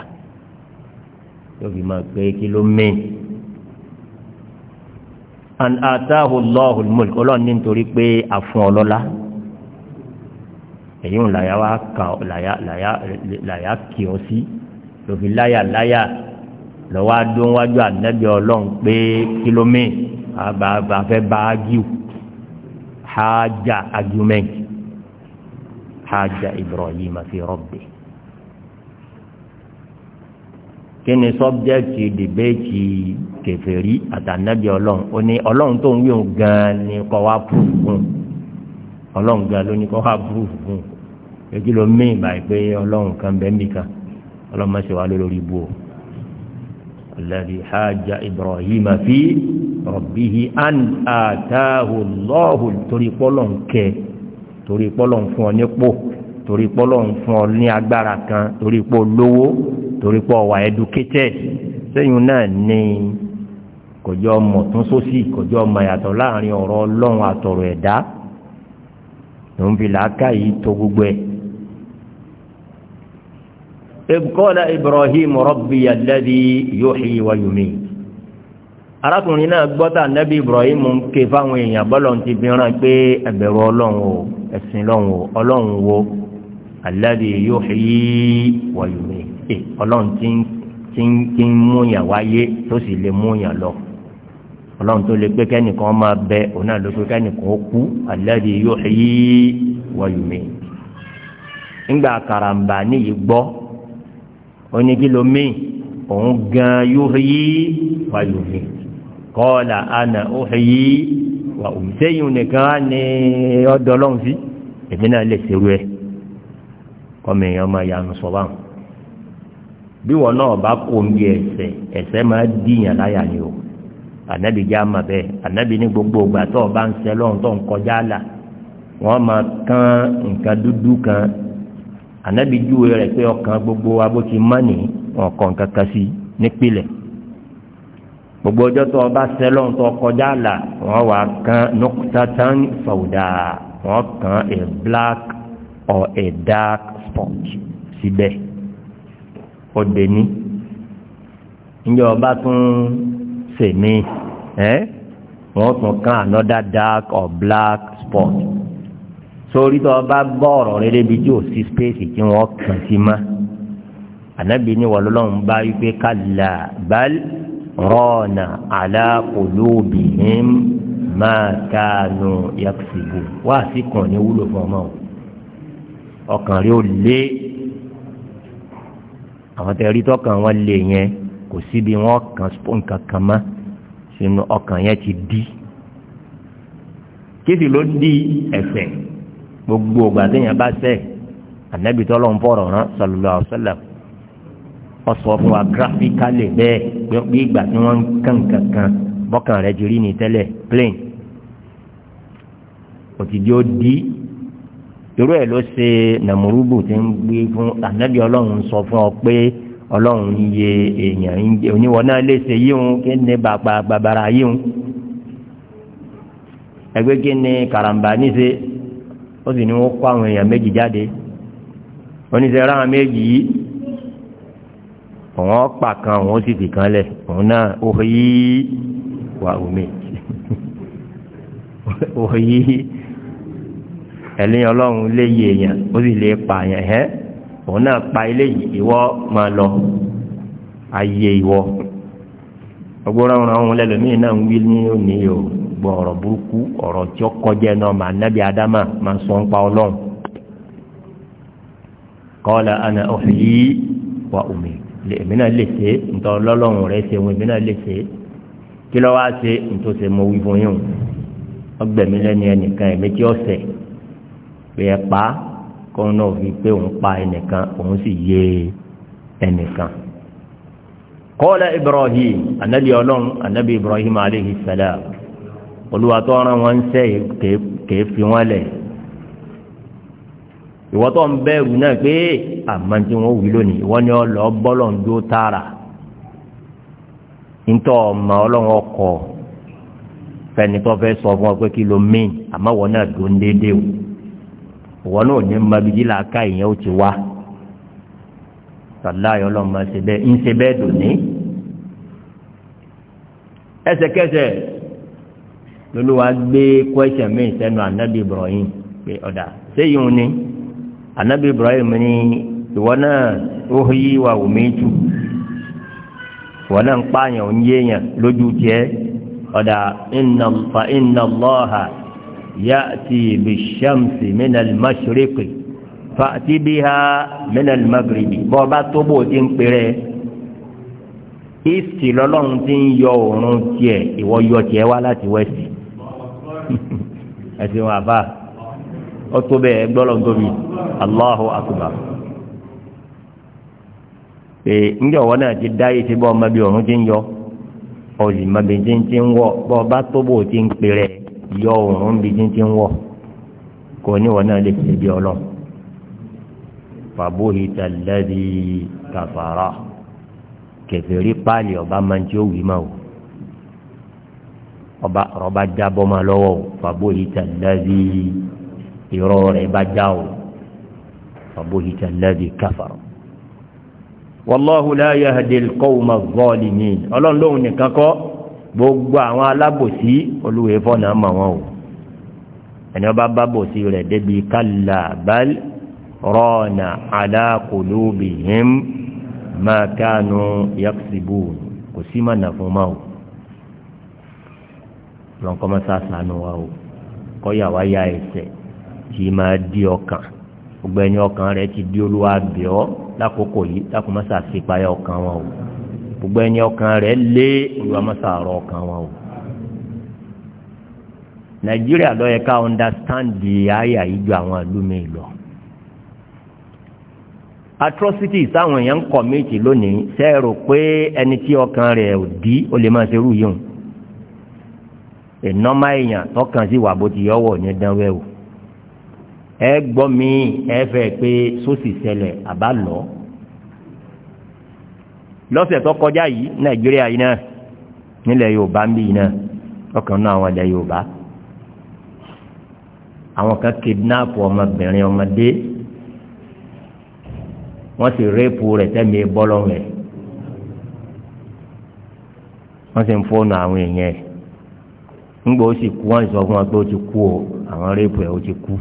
yóò fi máa pé kí ló mẹ́ an ataahu allahu almulk ọlọ́run ní nítorí pé àfún ọlọ́lá èyí ń làyà wá kà làyà làyà làyà kì ọ sí lòfin láyà láyà lọ́wọ́ adóńwájú ànábì ọlọ́run pé kí ló mẹ́ àbàbà fẹ́ bá ágíù hájà argument haja ibrahim fi rabbi kí ni sọ́bjẹ́tì dìbẹ́tì kẹfẹ́rí àtànábì ọlọ́run ó ní ọlọ́run tó ń wíwọ̀n gan-an ni kọ́ wá púrù fún ọlọ́run gan-an ló ní kọ́ wá púrù fún èyí ló mí ìbàyí pé ọlọ́run kan bẹ́ẹ̀ nìkan ọlọ́run má ṣe wá lórí ibú o alladhi haja ibrahim fi rabbihi an ataahu Allahu torí pọ́lọ́n kẹ́ẹ́ torí pọ́lọ́ ń fún ọ nípò torí pọ́lọ́ ń fún ọ ní agbára kan torí pọ́ lówó torí pọ́ wà educated sẹ́yìn náà ní kọjọ́ ọmọ tún sósì kọjọ́ ọmọ yàtọ̀ láàrin ọ̀rọ̀ ọlọ́run àtọ̀rọ̀ ẹ̀dá ló ń fi làákà yìí tó gbogbo ẹ̀. ibqala ibrahim rabbi alladhi yuhyi wa yumiit arákùnrin náà gbọ́tà nẹ́bí ibrahim ń ké fáwọn èèyàn bọ́lọ̀ ti fi ràn pé ẹ̀bẹ̀rù ọlọ́run o ẹ̀sìn lọ́hùn o ọlọ́hùn wo alladhi yuhyi wa yumiit ẹ̀ ọlọ́hùn tí ń múyàn wáyé tó sì lè múyàn lọ ọlọ́run tó lè pé kẹ́nìkan máa bẹ òun náà ló pé kẹ́nìkan ó kú alladhi yuhyi wa yumiit ńgbà karambà níyì gbọ́ oníkìlómì òun gan yuhyi wa yumiit qala ana uhyi wà òun sẹ́yìn nìkan ni ọ̀dọ̀ ọlọ́run sí èmi náà lè ṣerú ẹ̀ kọ́mi èèyàn máa yanu sọ báwọn bí wọn náà bá kó ń bí ẹsẹ̀ ẹsẹ̀ máa dìyàn láyà ni o ànábì já mà bẹ́ẹ̀ ànábì ní gbogbo ìgbà tó o bá ń sẹ́ lọ́run tó ń kọjá là wọ́n máa kán nǹkan dúdú kan ànábì júwe rẹ̀ pé ọkàn gbogbo wa bó ti mọ́ sí nípìnlẹ̀ gbogbo ọjọ́ tó ọba sẹ́lọ̀n tó kọjá là wọ́n wà kan nọ́kútàtàn fàwùdà wọ́n kan a black or a dark spot síbẹ̀ ó dé ní. ǹjẹ́ ọba tún sèmi ẹ́ wọ́n tún kan another dark or black spot sórí tó ọba bọ́ ọ̀rọ̀ rere bíi tí ò sí space tí wọ́n kàn sí ma ànábì ni wọ́n lọ́wọ́ ń bá wípé kálá báyìí rọ́ọ̀nà alákòlóbìhìm máa kánú yaksibu wá sí kan ní wúlò fún ọmọ o ọkàn rí ó lé àwọn tẹ̀rí tọkàn wọn lé yẹn kò síbi wọn kàn nǹkan kan mọ́ sínú ọkàn yẹn ti dí kí sì ló dí ẹ̀ṣẹ̀ gbogbo ògbà téèyàn bá ṣẹ̀ ànábìtọ́ ló rán sallallahu alaihi wasallam ọsọ fún wa gíráfíkálì bẹ́ẹ̀ bí ìgbà tí wọ́n ń kàn kankan bọ́kàn rẹ̀ jírí ní tẹ́lẹ̀ plain òtìdí ó di irú ẹ̀ ló ṣe nàmúrúbù tí ń gbé fún ànábì ọlọ́run sọ fún ọ pé ọlọ́run ń yẹ èèyàn ń jẹ oníwọ náà lè ṣe yíhun kí ni bàbá bàbàrà yíhun ẹgbẹ́ kí ni karambà níṣe ó sì ní wọ́n kó àwọn èèyàn méjì jáde oníṣẹ́ ráhàn méjì yìí àwọn pa kan òun sì fi kan lẹ̀ òun náà òhìí wà omi òhìí ẹ̀lẹ́yìn ọlọ́run lè yí èèyàn ó sì lè pa àyàn ọhụrụ òun náà pa ilé ìwọ máa lọ ayé ìwọ ọgbọ́n ọ̀hún lẹ́lọ́mí náà ń wí ní òní o gbọ́ ọ̀rọ̀ burúkú ọ̀rọ̀ tí ó kọjá náà nábì ádámà máa sọ ń pa ọlọ́run èmi náà lè ṣe ntọ́ lọ́lọ́run rẹ̀ ṣe wọn èmi náà lè ṣe kí lọ́wọ́ á ṣe ntọ́ ṣe mo wí fún yín ọgbẹ̀mí lẹ́ni ẹnìkan èmi tí ọ̀sẹ̀ pé ẹ pa kóun náà fi pé òun pa ẹnìkan òun sì yé ẹnìkan. kọ́lá Ibrahim anabi ọlọ́run anabi Ibrahim aleyhi salam olùwàtọ́ ọ̀ràn wọn ń sẹ́yìn kèé fi wọn lẹ̀ ìwọ tó ń bẹ̀rù náà pé àmọ́ tí wọ́n wí lónìí ìwọ ni ọlọ́ bọ́lọ̀ ń dó tààrà ntọ́ ọmọ ọlọ́run ọkọ̀ fẹ́ni tó fẹ́ sọ fún ọ pé kí ló mìn àmọ́ wọn náà dún déédéé o ìwọ náà ò ní mabidi làákà ìyẹn ó ti wá sàláyé ọlọ́run máa ṣe bẹ́ẹ̀ ń ṣe bẹ́ẹ̀ dòní ẹsẹ̀kẹsẹ̀ lolúwa gbé kwẹ́sẹ̀ mi sẹ́nu anabi ibrahim pé ọ̀dà ṣé yìí ń ní anabi ibrahim ní ìwọ náà ó yí wa òmìtú ìwọ náà ń pààyàn ń yéèyàn lójú tiẹ̀ ọ̀dà fa inna allaha ya'ti bishamsi minal mashriqi fa'ti biha minal maghribi bọ́ ọba tó bò ti ń pèrè ìsì lọ́lọ́run ti ń yọ òórùn tiẹ̀ ìwọ yọ tiẹ̀ wá láti wẹ́sì ẹ̀sìn wọn àbá ọtọ bẹẹ gbọlọ ntobi Allahu Akbar ee njẹ wọn náà ti dá yìí bọ ọmọ bíi ọrùn ti ń yọ ọyì má bíi ti ń ti ń wọ bọ ọba tó bò ti ń pè rẹ yọ ọrùn bíi ti ń ti ń wọ kò ní wọn náà lè fi bí ọlọ fàbóhi tàlẹ́bí kàfàrà kẹfẹ́rí páàlì ọba máa ń tí ó wì máa wò ọba rọba jábọ́ máa lọ́wọ́ fàbóhi tàlẹ́bí kàfàrà irọ́ rẹ̀ bá já o فبهت الذي كفر والله لا يهدي القوم الظالمين ọlọ́run lóhun nìkan kọ́ gbogbo àwọn alábòsí olúwe fọ́nà mọ̀ wọn o ẹni ọba bábòsí rẹ̀ débi kálá bal rọ́ọ̀nà alákòlóbìhìm máa kánú yaksibu kò sí má nà fún ma o lọ́nkọ́ mọ́sá sànù wa o kọ́yà wáyà ẹsẹ̀ tí ma di ọkàn gbogbo ẹni ọkàn rẹ ti di olúwa bẹ̀ lákòókò yìí lákòó má ọkàn wọn o gbogbo ẹni ọkàn rẹ lé olúwa má ṣàrọ̀ ọkàn wọn o. nàìjíríà lọ́yẹ̀ ká ọ̀ndàstáǹdì àyà yìí ju àwọn ìlú mi lọ. táwọn èèyàn ń kọ̀ méjì lónìí pé ẹni tí ọkàn rẹ̀ ò dí ó lè o. ìnọ́mà èèyàn tọkàn sí wà bó ti ní o ẹ gbọ́ mi ẹ fẹ́ pé sósì ṣẹlẹ̀ àbá lọ. lọ́sẹ̀ tó kọjá yìí nàìjíríà yìí náà nílẹ̀ yorùbá ń bí yìí náà ọkàn náà àwọn ilẹ̀ yorùbá àwọn kan kidnap ọmọbìnrin ọmọdé wọ́n sì rẹ́pù rẹ̀ tẹ́mi bọ́lọ́ rẹ̀ wọ́n sì ń àwọn o àwọn rẹ́pù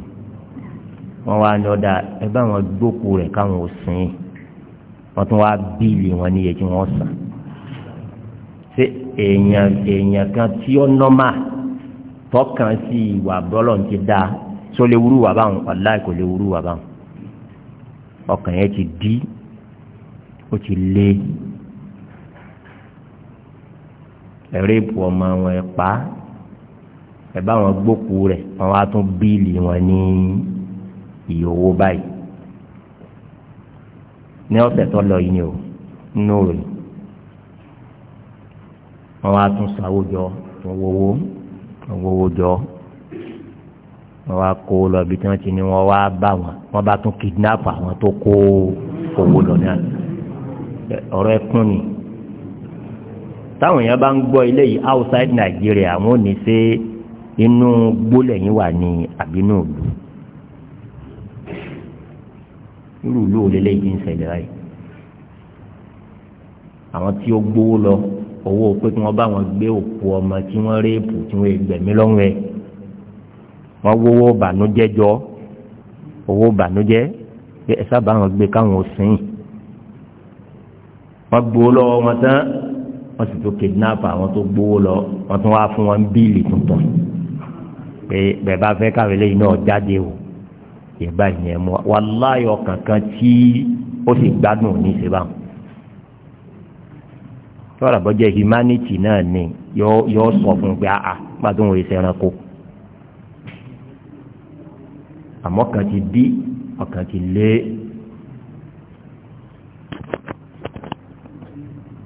wọ́n wá ní ọ̀dà ẹ bá wọn gbókù rẹ̀ káwọn ò sìn ín wọ́n tún wá bíìlì wọn níye tí wọ́n sàn ṣé èèyàn èèyàn kan tí ó nọ́mà tọ́kàn sí ìwà bọ́lọ̀ ń ti dáa sọ lè wúrú wà báwọn wàláì kò lè wúrú wà báwọn ọkàn yẹn ti dí ó ti lé ẹ̀rẹ́ ìpò ọmọ wọn ẹ̀ pa ẹ̀ bá wọn gbókù rẹ̀ wọn wá tún bíìlì wọn ní. iyowo owó báyìí ní ọ̀sẹ̀ tó lọ yìí wá tún jọ jọ wọ́n wá kó lọ bí tí ní wọ́n wá bá wọn bá tún kidnap àwọn tó kó owó lọ ọ̀rọ̀ ẹkún ni bá gbọ́ ilé yìí outside Nigeria ò irú ìlú òlélẹ́ yìí ń ṣẹlẹ̀ báyìí àwọn tí ó gbowó lọ owó pé kí wọ́n bá wọn gbé òkú ọmọ tí wọ́n réèpù tí wọ́n gbẹ̀mí lọ́rùn ẹ̀ wọ́n wówó bànújẹ́ jọ owó bànújẹ́ pé ẹ sábà wọn gbé káwọn sìn wọ́n gbowó lọ́wọ́ wọn tán wọ́n sì tó kidnap àwọn tó gbowó lọ wọ́n tún wá fún wọn bíìlì tuntun pé bẹ́ẹ̀ bá fẹ́ káwé lẹ́yìn náà jáde o. ìbá yẹn wà láyọ kankan tí ó sì gbádùn ní ìṣèbá lọ́rọ̀ bọ́jẹ́ humanity náà ni yọ sọ fún pé àà pàtó òun ẹranko àmọ́ kan ti bí ọkàn ti lé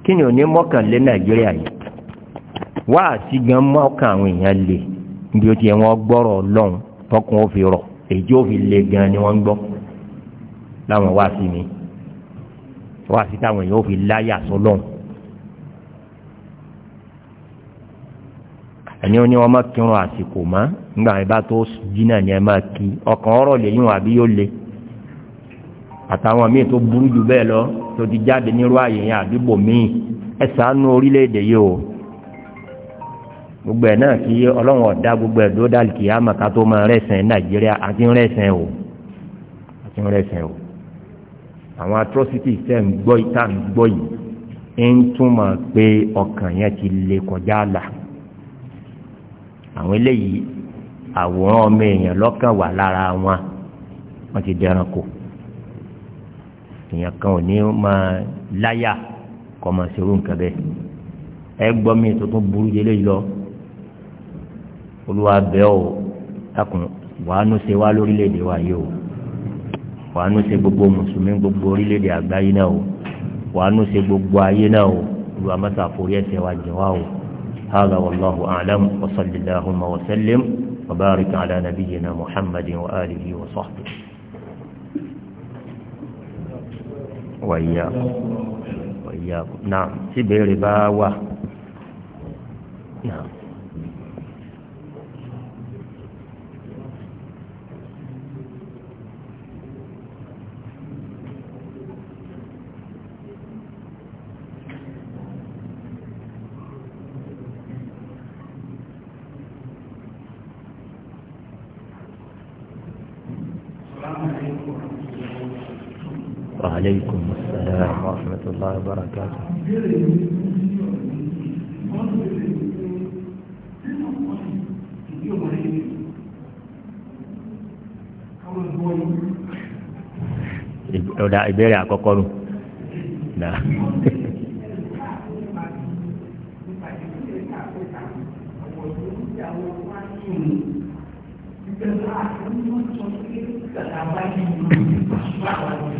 kí ni òní mọ́kànlé nàìjíríà yìí wá àti gan mọ́kàn àwọn èèyàn lè bí ó ti ẹ̀ wọ́n gbọ́rọ̀ tọkùn èjì ò fi le gan ni wọ́n ń gbọ́ láwọn wá sí mi wá sí táwọn èèyàn ò fi láyà sọlọ́n. ẹni ó ní wọn má kírun àsìkò mọ́ nígbà ẹ bá tó jí náà ni ẹ máa kí ọkàn ọ̀rọ̀ lẹ́yìn àbí yóò le àtàwọn míì tó burú jù bẹ́ẹ̀ lọ tó ti jáde nírú àyè yẹn àdúgbò míì ẹ ṣàánú orílẹ̀ yìí o gbogbo ẹ̀ náà kí ọlọ́run ọ̀dá gbogbo ẹ̀ dúró dálì àmà ká tó máa rẹ̀sìn nàìjíríà àti rẹ̀sìn o àti rẹ̀sìn o àwọn atrocity tẹ̀ ń gbọ́ yìí tá à ń gbọ́ yìí ń túmọ̀ pé ọkàn yẹn ti lè kọjá àlà àwọn eléyìí àwòrán ọmọ èèyàn lọ́kàn wà lára wọn wọ́n ti dẹranko èèyàn kan ò ní máa láyà kọ́ máa ṣerú nǹkan bẹ́ẹ̀ ẹ gbọ́ mi tó tún burú yẹlẹ́yìí lọ olúwa bẹ́ẹ̀ o takùn wàánú ṣe wá lórílẹ̀‐èdè wa yìí o wàánú ṣe gbogbo mùsùlùmí gbogbo orílẹ̀‐èdè àgbáyé náà o wàánú ṣe gbogbo ayé náà o olúwa mẹ́ta àforí ẹ̀ṣẹ̀ wa jẹ̀ wá o hàgà wàlláhu àlám wasalìláhu ma wasalim wàbáríkà àlá nàbíyìnà muhammadin wa alihi wa sahbihi. wàyíyàkùn wàyíyàkùn náà tí bá wà náà. وعليكم السلام ورحمة الله وبركاته ọ̀dà ìbéèrè àkọ́kọ́ nù. Thank you.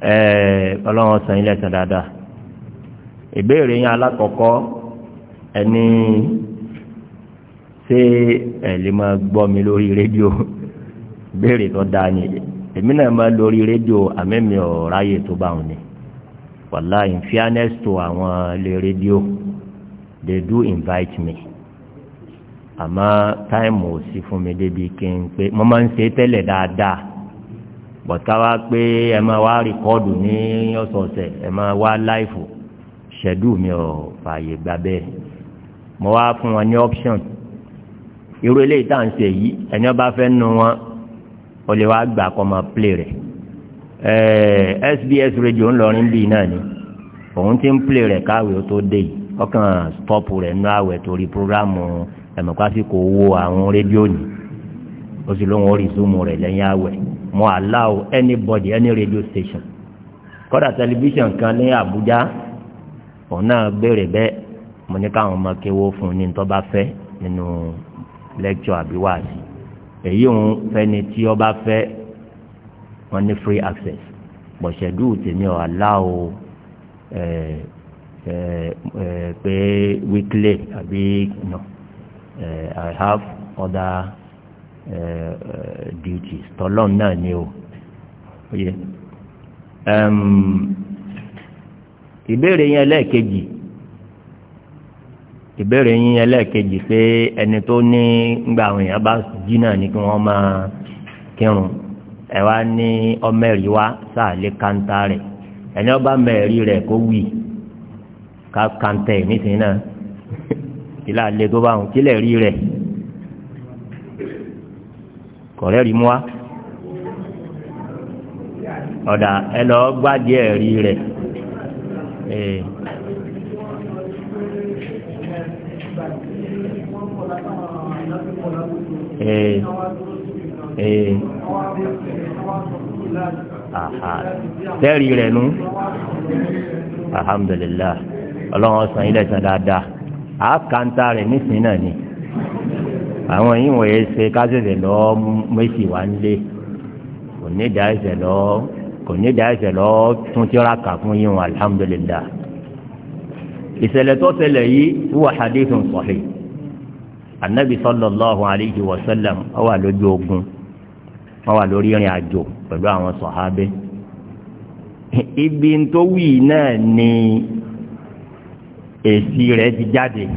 ọlọ́run sàn ilé ẹ̀sán dáadáa ìbéèrè yẹn alákọ̀ọ́kọ́ ẹni ṣé ẹ lè máa gbọ́ mi lórí rédíò ìbéèrè tó dáa ni èmi náà máa lórí rédíò àmẹ́mi ò ráyè tó bá wọn ni wàlá in fairness to àwọn ilé rédíò they do invite me àmọ́ táìmù ò sí fún mi débi kí n pé mo máa ń ṣe tẹ́lẹ̀ dáadáa. bọ̀tá wa pé ẹ máa wá rìkọ́ọ̀dù ní ọ̀sọ̀ọ̀sẹ̀ ẹ máa wá láìfò ṣẹ̀dú mi ò fààyè gbà bẹ́ẹ̀ mo wá fún wọn ní option irú eléyìí tá à ń ṣe yìí ẹni ọba fẹ́ nu wọn ó lè wá gbà kọ́ máa play rẹ̀ ẹ̀ẹ́ SBS radio ńlọrin bíi náà ni òun ti ń play rẹ̀ káwé ó tó dé yìí ọkàn stop rẹ̀ nú àwẹ̀ torí programu ẹ̀mọ̀kásíkò owó àwọn rédíò ni ó sì lóun ó rí zoom rẹ̀ lẹ́yìn àwẹ̀ mo allow anybody any radio station kódà tẹlifíṣàn kan ní Àbújá òun náà béèrè bẹ́ẹ̀ mo ní káwọn ọmọ kéwó fún un ní tó bá fẹ́ nínú lecture àbí wáàsí èyí òun fẹ́ni tí ó bá fẹ́ wọ́n ní free access bọ̀ṣẹ̀dú tèmi ọ̀ allow ẹ̀ẹ́ ẹ̀ẹ́ pé weekly àbí no ẹ̀ẹ́ I have other. Eh, duties tọ́lọ́n náà ni o. ìbéèrè yẹn lẹ́ẹ̀kejì ìbéèrè yín ẹlẹ́ẹ̀kejì pé ẹni tó ní gbà àwọn èèyàn bá jí náà ni kí wọ́n máa kírun ẹ wá ní ọmẹ́rì wá sáàlé káńtà rẹ̀ ẹni ọba mẹ́rì rẹ̀ kó wì ká káńtà nísìnyí náà kí láà tó bá wọn kí rí rẹ̀ kọ̀rẹ́ rí mú wa ọ̀dà ẹ lọ gbádìí ẹ̀rí rẹ̀ ee. Eh. ee eh. ee eh. aha tẹ́rì rẹ̀ nu alhamdulilayi ọlọ́run ọ̀sán ilẹ̀ sàn dáadáa rẹ̀ nísìnyí náà ni àwọn yìí wọ́n yẹ ṣe kásẹ̀sẹ̀ lọ méjì wá ń lé kò ní ìdá ẹsẹ̀ lọ kò ní ìdá ẹsẹ̀ lọ tún tí ra kà fún yìí wọn alhamdulillah ìṣẹ̀lẹ̀ tó ṣẹlẹ̀ yìí wúwo hadithun sahih anabi sallallahu alayhi wa sallam ó wà lójú ogun ó wà lórí ìrìn àjò pẹ̀lú àwọn sọ̀hábẹ́ ibi tó wì náà ni èsì rẹ̀ ti jáde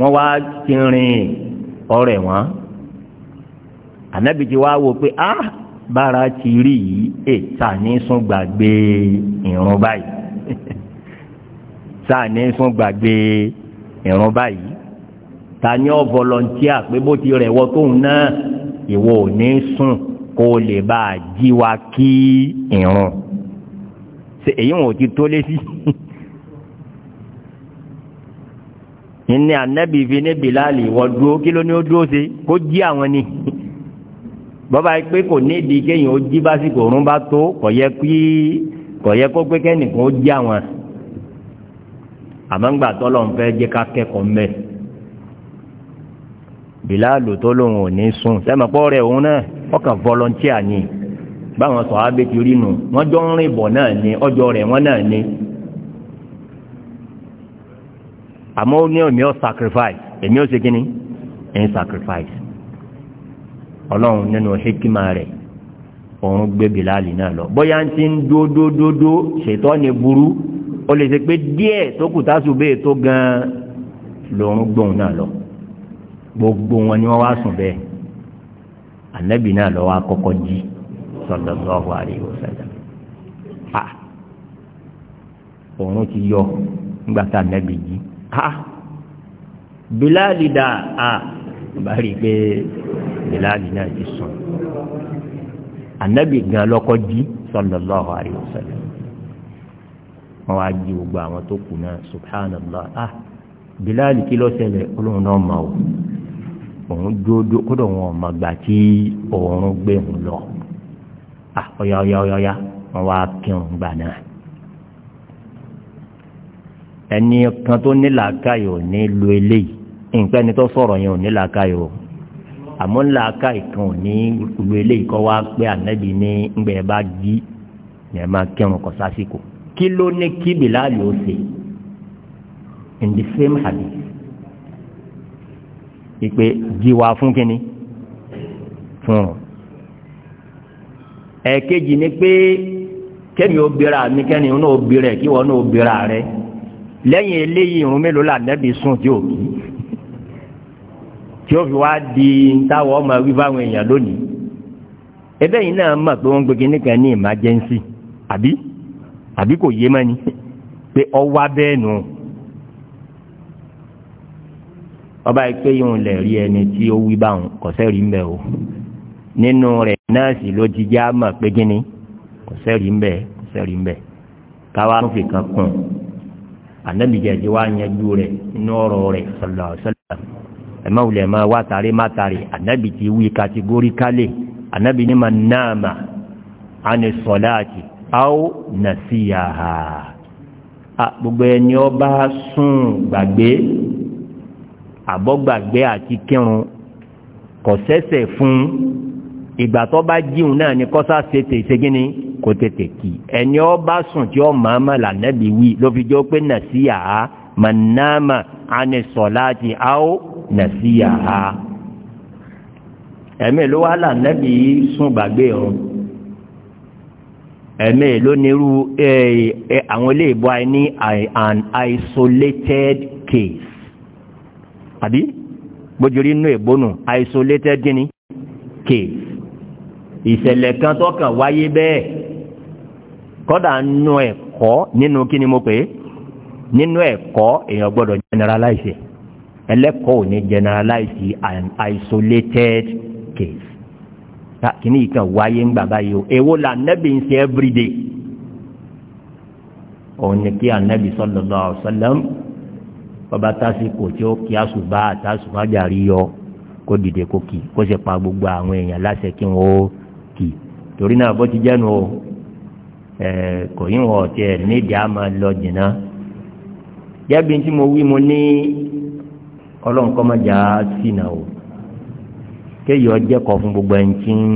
wọ́n wá ti rìn ọ̀rẹ́ wọn ànábì ti wá wò pé a ah, bára ti rí yìí èta ní sún gbàgbé ìrún báyìí ta ní sún gbàgbé ìrún báyìí ta ní ọ volunteer pé bó ti rẹ̀ wọ tóun náà ìwọ ò ní sùn kó o lè bá a jí wa kí ìrún èyí wọn ò ti tó lé sí. ní anabi fi ní bilali wọ́n dúró kí ló ní ó dúró ṣe kó jí àwọn ni bọ́ba yìí pé kò ní ìdí kéèyàn ó jí básìkò òórùn bá tó kò yẹ kí kò yẹ kó pé kẹ́nìkan ó jí àwọn àmọ́ ńgbà tó lọ́n fẹ́ jẹ́ ká kẹ́kọ̀ọ́ mbẹ́ bilalu tó lóun ò ní sùn sẹ́mọ̀pọ̀ rẹ̀ òun náà ọkàn volunteer ni báwọn sọ̀hábẹ́ ti rí wọ́n jọ ń rìn bọ̀ náà ni ọjọ́ rẹ̀ wọ́n náà ni àmọ́ ó ní èmi sacrifice èmi ó ṣe kí ni sacrifice ọlọ́run nínú hikima rẹ̀ òun gbé bilali náà lọ bóyá ń ti ń dúdúdúdú ṣètọ́ ni burú ó lè ṣe pé díẹ̀ tó kù tásù bẹ́ẹ̀ tó gan-an lòun gbóhùn náà lọ gbogbo wọn ni wọ́n wá sùn bẹ́ẹ̀ ànábì náà lọ́wọ́ akọ́kọ́ jí sallallahu alaihi wasallam ah! òun ti yọ nígbà tá ànábì jí ah bilali da ah bá rí i pé bilali náà ti sùn anabi gan lọkọ jí sallallahu alaihi wasallam wọn wá jí gbogbo àwọn tó kù náà subhanallah ah bilali kí ló ṣẹlẹ̀ olóhùn náà mọ o òun dúró kódà wọn ò gbà tí òun gbé òun lọ ah ọ̀yà ọ̀yà ọ̀yà wọn wá kírun gbà náà ẹni kan tó ní làákàyè ò ní lu eléyìí nǹkan ẹni tó sọ̀rọ̀ yẹn ò ní làákàyè o àmọ́ làákàyè kan ò ní lu eléyìí kọ́ wá pé ànábì ní ngbẹ̀ ẹ bá jí ẹ máa kírun kọ́ sásìkò kí ló ní kí Bilal ó ṣe in the same habit ìpè jíwa fún kínní fún un ẹ̀ẹ̀kejì ni pé kẹ́mi ó bira mi kẹ́ni ó náà ẹ̀ kí wọ́n náà ó bira lẹ́yìn eléyìí irun mélòó la nẹ́bi sùn tí ò kí tí ó fi wá di táwọn ọmọ wíwá àwọn èèyàn lónìí ebe yìí náà mọ̀ pé wọ́n gbégi nìkan ní emergency àbí àbí kò yé mọ́ni pé ọwá bẹ́ẹ̀ nù ọba ìpè yìí ń lè rí ẹni tí ó wí báwọn kọ̀sẹ́ rí mbẹ́ o nínú rẹ̀ nọ́ọ̀sì ló ti já mọ̀ pé gíní kọ̀sẹ́ rí mbẹ́ kọ̀sẹ́ rí mbẹ́ káwá ń fi kan kún un anabi jẹjẹ wa yanju rẹ nọrọ rẹ sallallahu alaihi wasallam ẹmọ ma wa tari ma tari anabi ti wi katigori ma naama ani sọlaati aw nasiyaha a gbogbo ẹni ọba sùn gbàgbé àbọ̀gbàgbé àti kírun kò sẹ́sẹ̀ fún ìgbà tó bá jíun náà ni kó tètè kí ẹni ọ bá sùn tí ọ màmá lànàbí wí ló fi jọ pé nàṣíyà á mànàmà ànisọ̀láti áó nàṣíyà á. ẹ̀mí ló wá lànàbí sùn gbàgbé ọ̀hún ẹ̀mí ló nírú àwọn ilé ìbọn ní an isolated case àbí gbójúrí inú ìbónú isolated gini case ìṣẹ̀lẹ̀ kan tó kàn wáyé bẹ́ẹ̀ kọ́dà nínú ẹ̀kọ́ nínú kí ni mo pè é nínú ẹ̀kọ́ èèyàn gbọ́dọ̀ generalize ẹlẹ́kọ̀ọ́ ò ní generalize an isolated case kìíní ìkan wáyé ń gbàgbá yìí o èwo la nẹ́bí ń ṣe everyday òun ni kí anabi sallallahu alaihi wasallam bàbá tásìkò tí ó kí àṣùbà àtàṣùbà yọ kó dìde kó kì kó sì pa gbogbo àwọn èèyàn láṣẹ kí wọn ó kì torí náà bó ti jẹ́nu o. kò yín wọ̀ ọtí ẹ̀ nídìí á máa lọ jìnnà jẹ́bi tí mo wí mo ní ọlọ́run kọ́ máa jà á sínà o kéèyàn jẹ́kọ̀ọ́ fún gbogbo ẹni tí ń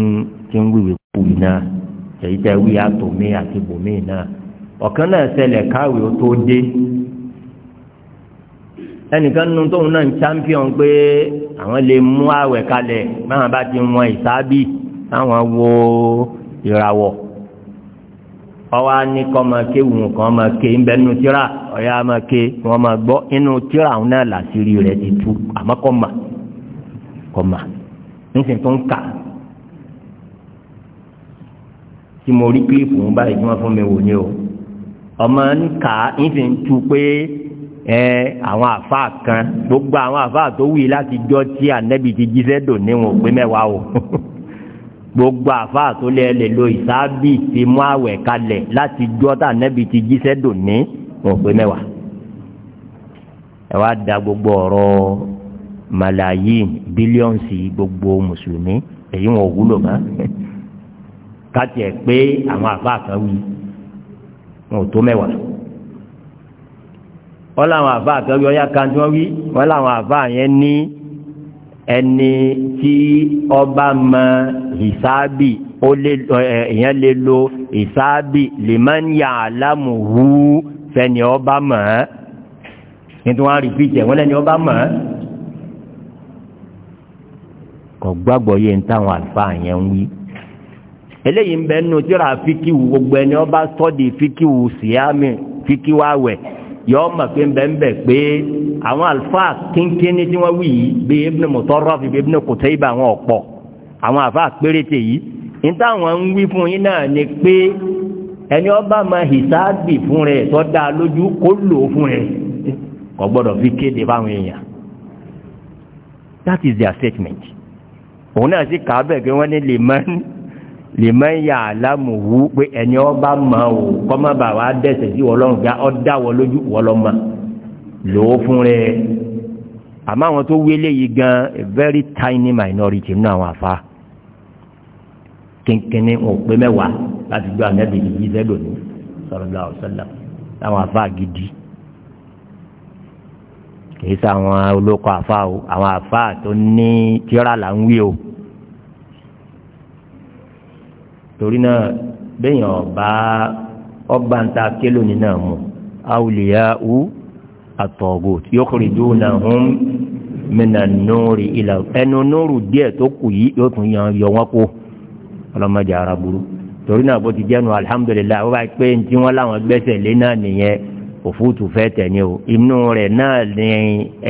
tí ń wíwèé kú yìí náà èyí tẹ́ wí àtòmí àti bòmí náà ọ̀kan náà ṣẹlẹ̀ káwé ó tó dé ẹnìkan nínú tóun náà ń champion pé àwọn lè mú àwẹ̀ kalẹ̀ báwọn bá ti wọn ìsáábì táwọn wo ìràwọ̀. ọwọ́ ní kọ́ máa ké wùn kan máa ké ńbẹ́ nínú tíra ọ̀yá máa ké wọ́n máa gbọ́ inú tíra àwọn náà làṣírí rẹ̀ ti tú àmọ́ kọ́ mà kọ́ mà nísìnyí tó ń kà tí mo rí kílífù ń báyìí tí wọ́n fún mi wò ní o ọmọ ń kà nísìnyí tú pé ẹ àwọn àfa kan gbogbo àwọn àfa tó wù yìí láti jọ tí ànẹ́bì ti jíṣẹ́ dò níwọ̀n pé mẹ́wàá o. gbogbo àfáà tó lẹ lè lo ìsáábì ti mú àwẹ̀ kalẹ̀ láti jọ́tà nẹ́bi ti jíṣẹ́ dòní wọn pé mẹ́wàá ẹ wá da gbogbo ọ̀rọ̀ malayin bílíọ̀nsì gbogbo mùsùlùmí èyí wọn ò wúlò mọ́ káti ẹ̀ pé àwọn àfáà kan wí wọn ò tó mẹ́wàá wọ́n láwọn àfáà kan wí ọ̀yá kan tí wọ́n wí wọ́n láwọn àfáà yẹn ní ẹni tí ọba mọ ìsáàbì èèyàn lè lo ìsáàbì lèmọ́nìyà alámùhú fẹ́ni ọba mọ̀ ẹ́ nítorí wọn rìpíìtì ẹ̀wọ́n lẹ́ni ọba mọ̀ ẹ́ kò gbàgbọ́ yé táwọn àlùfáà yẹn ń wí eléyìí ń bẹ́ẹ̀ nù tíra fíkìwù gbogbo ẹni ọba sọ́ọ̀dì fíkìwù síámì fíkìwù yọ ọmọ pé nbẹ̀nbẹ̀ pé àwọn àlùfáà kínkínní tí wọ́n wí yìí bí Ibn Mutarraf bí Ibn Qutayba àwọn ọ̀pọ̀ àwọn àfáà péréte yìí níta àwọn ń wí fún yín náà ni pé ẹni ọba máa hìsáàbì fún rẹ̀ tó dáa lójú kó lò ó fún rẹ̀ kò gbọ́dọ̀ fi kéde fáwọn èèyàn that is their statement òun náà sì kàá bẹ̀ pé wọ́n ní lè mọ́ ní lèmọ́yà alámùwú pé ẹni ọba mọ̀ ọ́ kọ́mọ́ bá wa dẹ̀sẹ̀ sí wọlọ́run gba ọ̀dà wọ lójú wọlọ́mọ lòó fún rẹ̀ àmọ́ àwọn tó wélé yìí gan a very tiny minority nínú àwọn àfa kínkínní wọn ò pé mẹ́wàá láti gbọ́ ànábì yìí sẹ́dọ̀ ní sọ̀rọ̀lá ọ̀sọ́lá àwọn àfa gidi kìí sá àwọn olóko àfa o àwọn àfa tó ní tíra là ń wí o torí náà bẹ́yìn ọba ọba ń ta kélo ní náà mu awùlíyá u àtọ̀gò yukhrijunahum minan nuri ila ẹnu nóòrù díẹ̀ tó kù yìí yóò tún yan yọ wọn kó ọlọ́mọdé ara burú torí náà bó ti jẹ́nu alihamudulilayi wọ́n bá pé ntí wọ́n láwọn gbẹ́sẹ̀ lé náà nìyẹn òfúùtù fẹ́ tẹ̀lé o inú rẹ̀ náà ni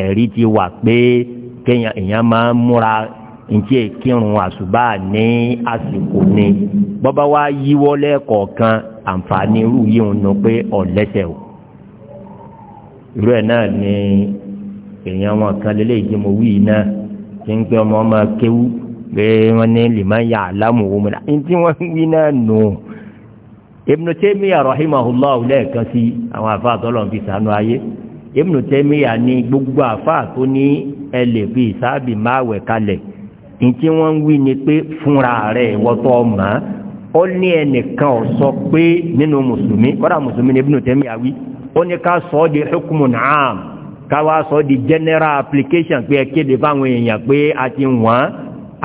ẹ̀rí ti wà pé kéèyàn èèyàn máa ń múra ntí èkírun àṣùbà ní àsìkò ni bọ́bá wa yíwọ́ lẹ́ẹ̀kọ̀ọ̀kan àǹfààní irú yìí ń nu pé ọ̀lẹ́sẹ̀ o irú ẹ̀ náà ni èèyàn wọn kan lélẹ́ ìjẹmọ wíì náà tí ń pẹ́ ọmọ ọmọ kéwú pé wọ́n ní lèmọ́ yà á lámùwò mọ́ra ntí wọ́n wí náà nù Ibn Taymiyyah rahimahullah lẹ́ẹ̀kan sí àwọn àfáà tọ́lọ̀ fi sànú ayé Ibn Taymiyyah ní gbogbo àfáà tó ní ẹ fi ìsáàbì máa wẹ̀ kalẹ̀ ntí wọ́n ń wí ni pé fúnra rẹ̀ wọ́tọ́ ọmọ ó ní ẹnìkan ò sọ pé nínú mùsùlùmí kọ́dà mùsùlùmí ní ibùdó tẹ́mi àwí ó ní ká sọ ọ́ di hukumu naam ká wá sọ ọ́ di general application pé ẹ kéde fáwọn èèyàn pé a ti wọ́n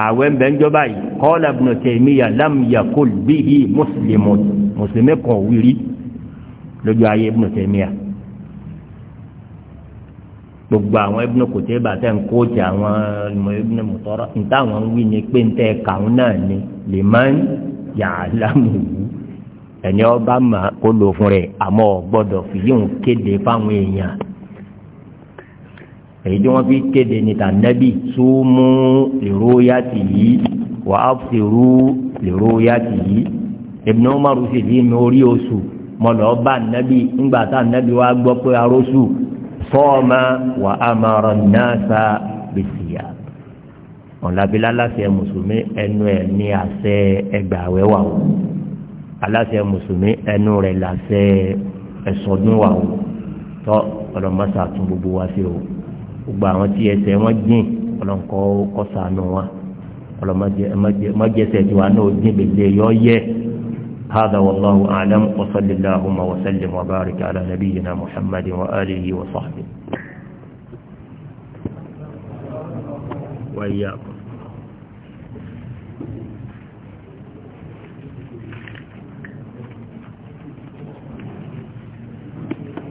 àwẹ̀ ń bẹ́ ń jọba yìí kọ́lá ibùdó tẹ́mi yà lam yakul bihi mùsùlùmí mùsùlùmí kan ò wí rí lójú ayé ibùdó tẹ́mi yà gbogbo àwọn Ibn Qutayba tẹ̀ ń kóòtì àwọn Ibn Mutarrif níta àwọn wí ni pé ń tẹ́ kàún náà ni liman ya'lamu ẹni ọba mà kó lò fún rẹ̀ àmọ́ gbọ́dọ̀ fìyíhùn kéde fáwọn èèyàn èyí tí wọ́n fi kéde ní tànẹ́bì súnmú lèrò yàtì yìí wà á fèrú lèrò yàtì yìí Ibn Umar sì fi mi orí oṣù mọ̀lọ́ bá nẹ́bì ńgbà tá nẹ́bì wá gbọ́ pé arósù sọ́ọ̀mà wà الناس nasa bìsìyà ọ̀làbílà aláṣẹ mùsùlùmí ẹnu ẹ̀ ní àṣẹ ẹgbàáwẹ́ wà o aláṣẹ mùsùlùmí ẹnu rẹ̀ làṣẹ ẹ̀sọ́dún wà o tọ́ ọlọ́mọṣà tún gbogbo wá sí o gbogbo àwọn tí ẹsẹ̀ wọn jìn ọlọ́nkọ́ kọ́sàánú wọn ọlọ́mọdé ẹ̀mọ́jẹsẹ̀ tiwa náà jìn bèbè yọ yẹ. هذا والله أعلم وصل اللهم وسلم وبارك على نبينا محمد وآله وصحبه وإياكم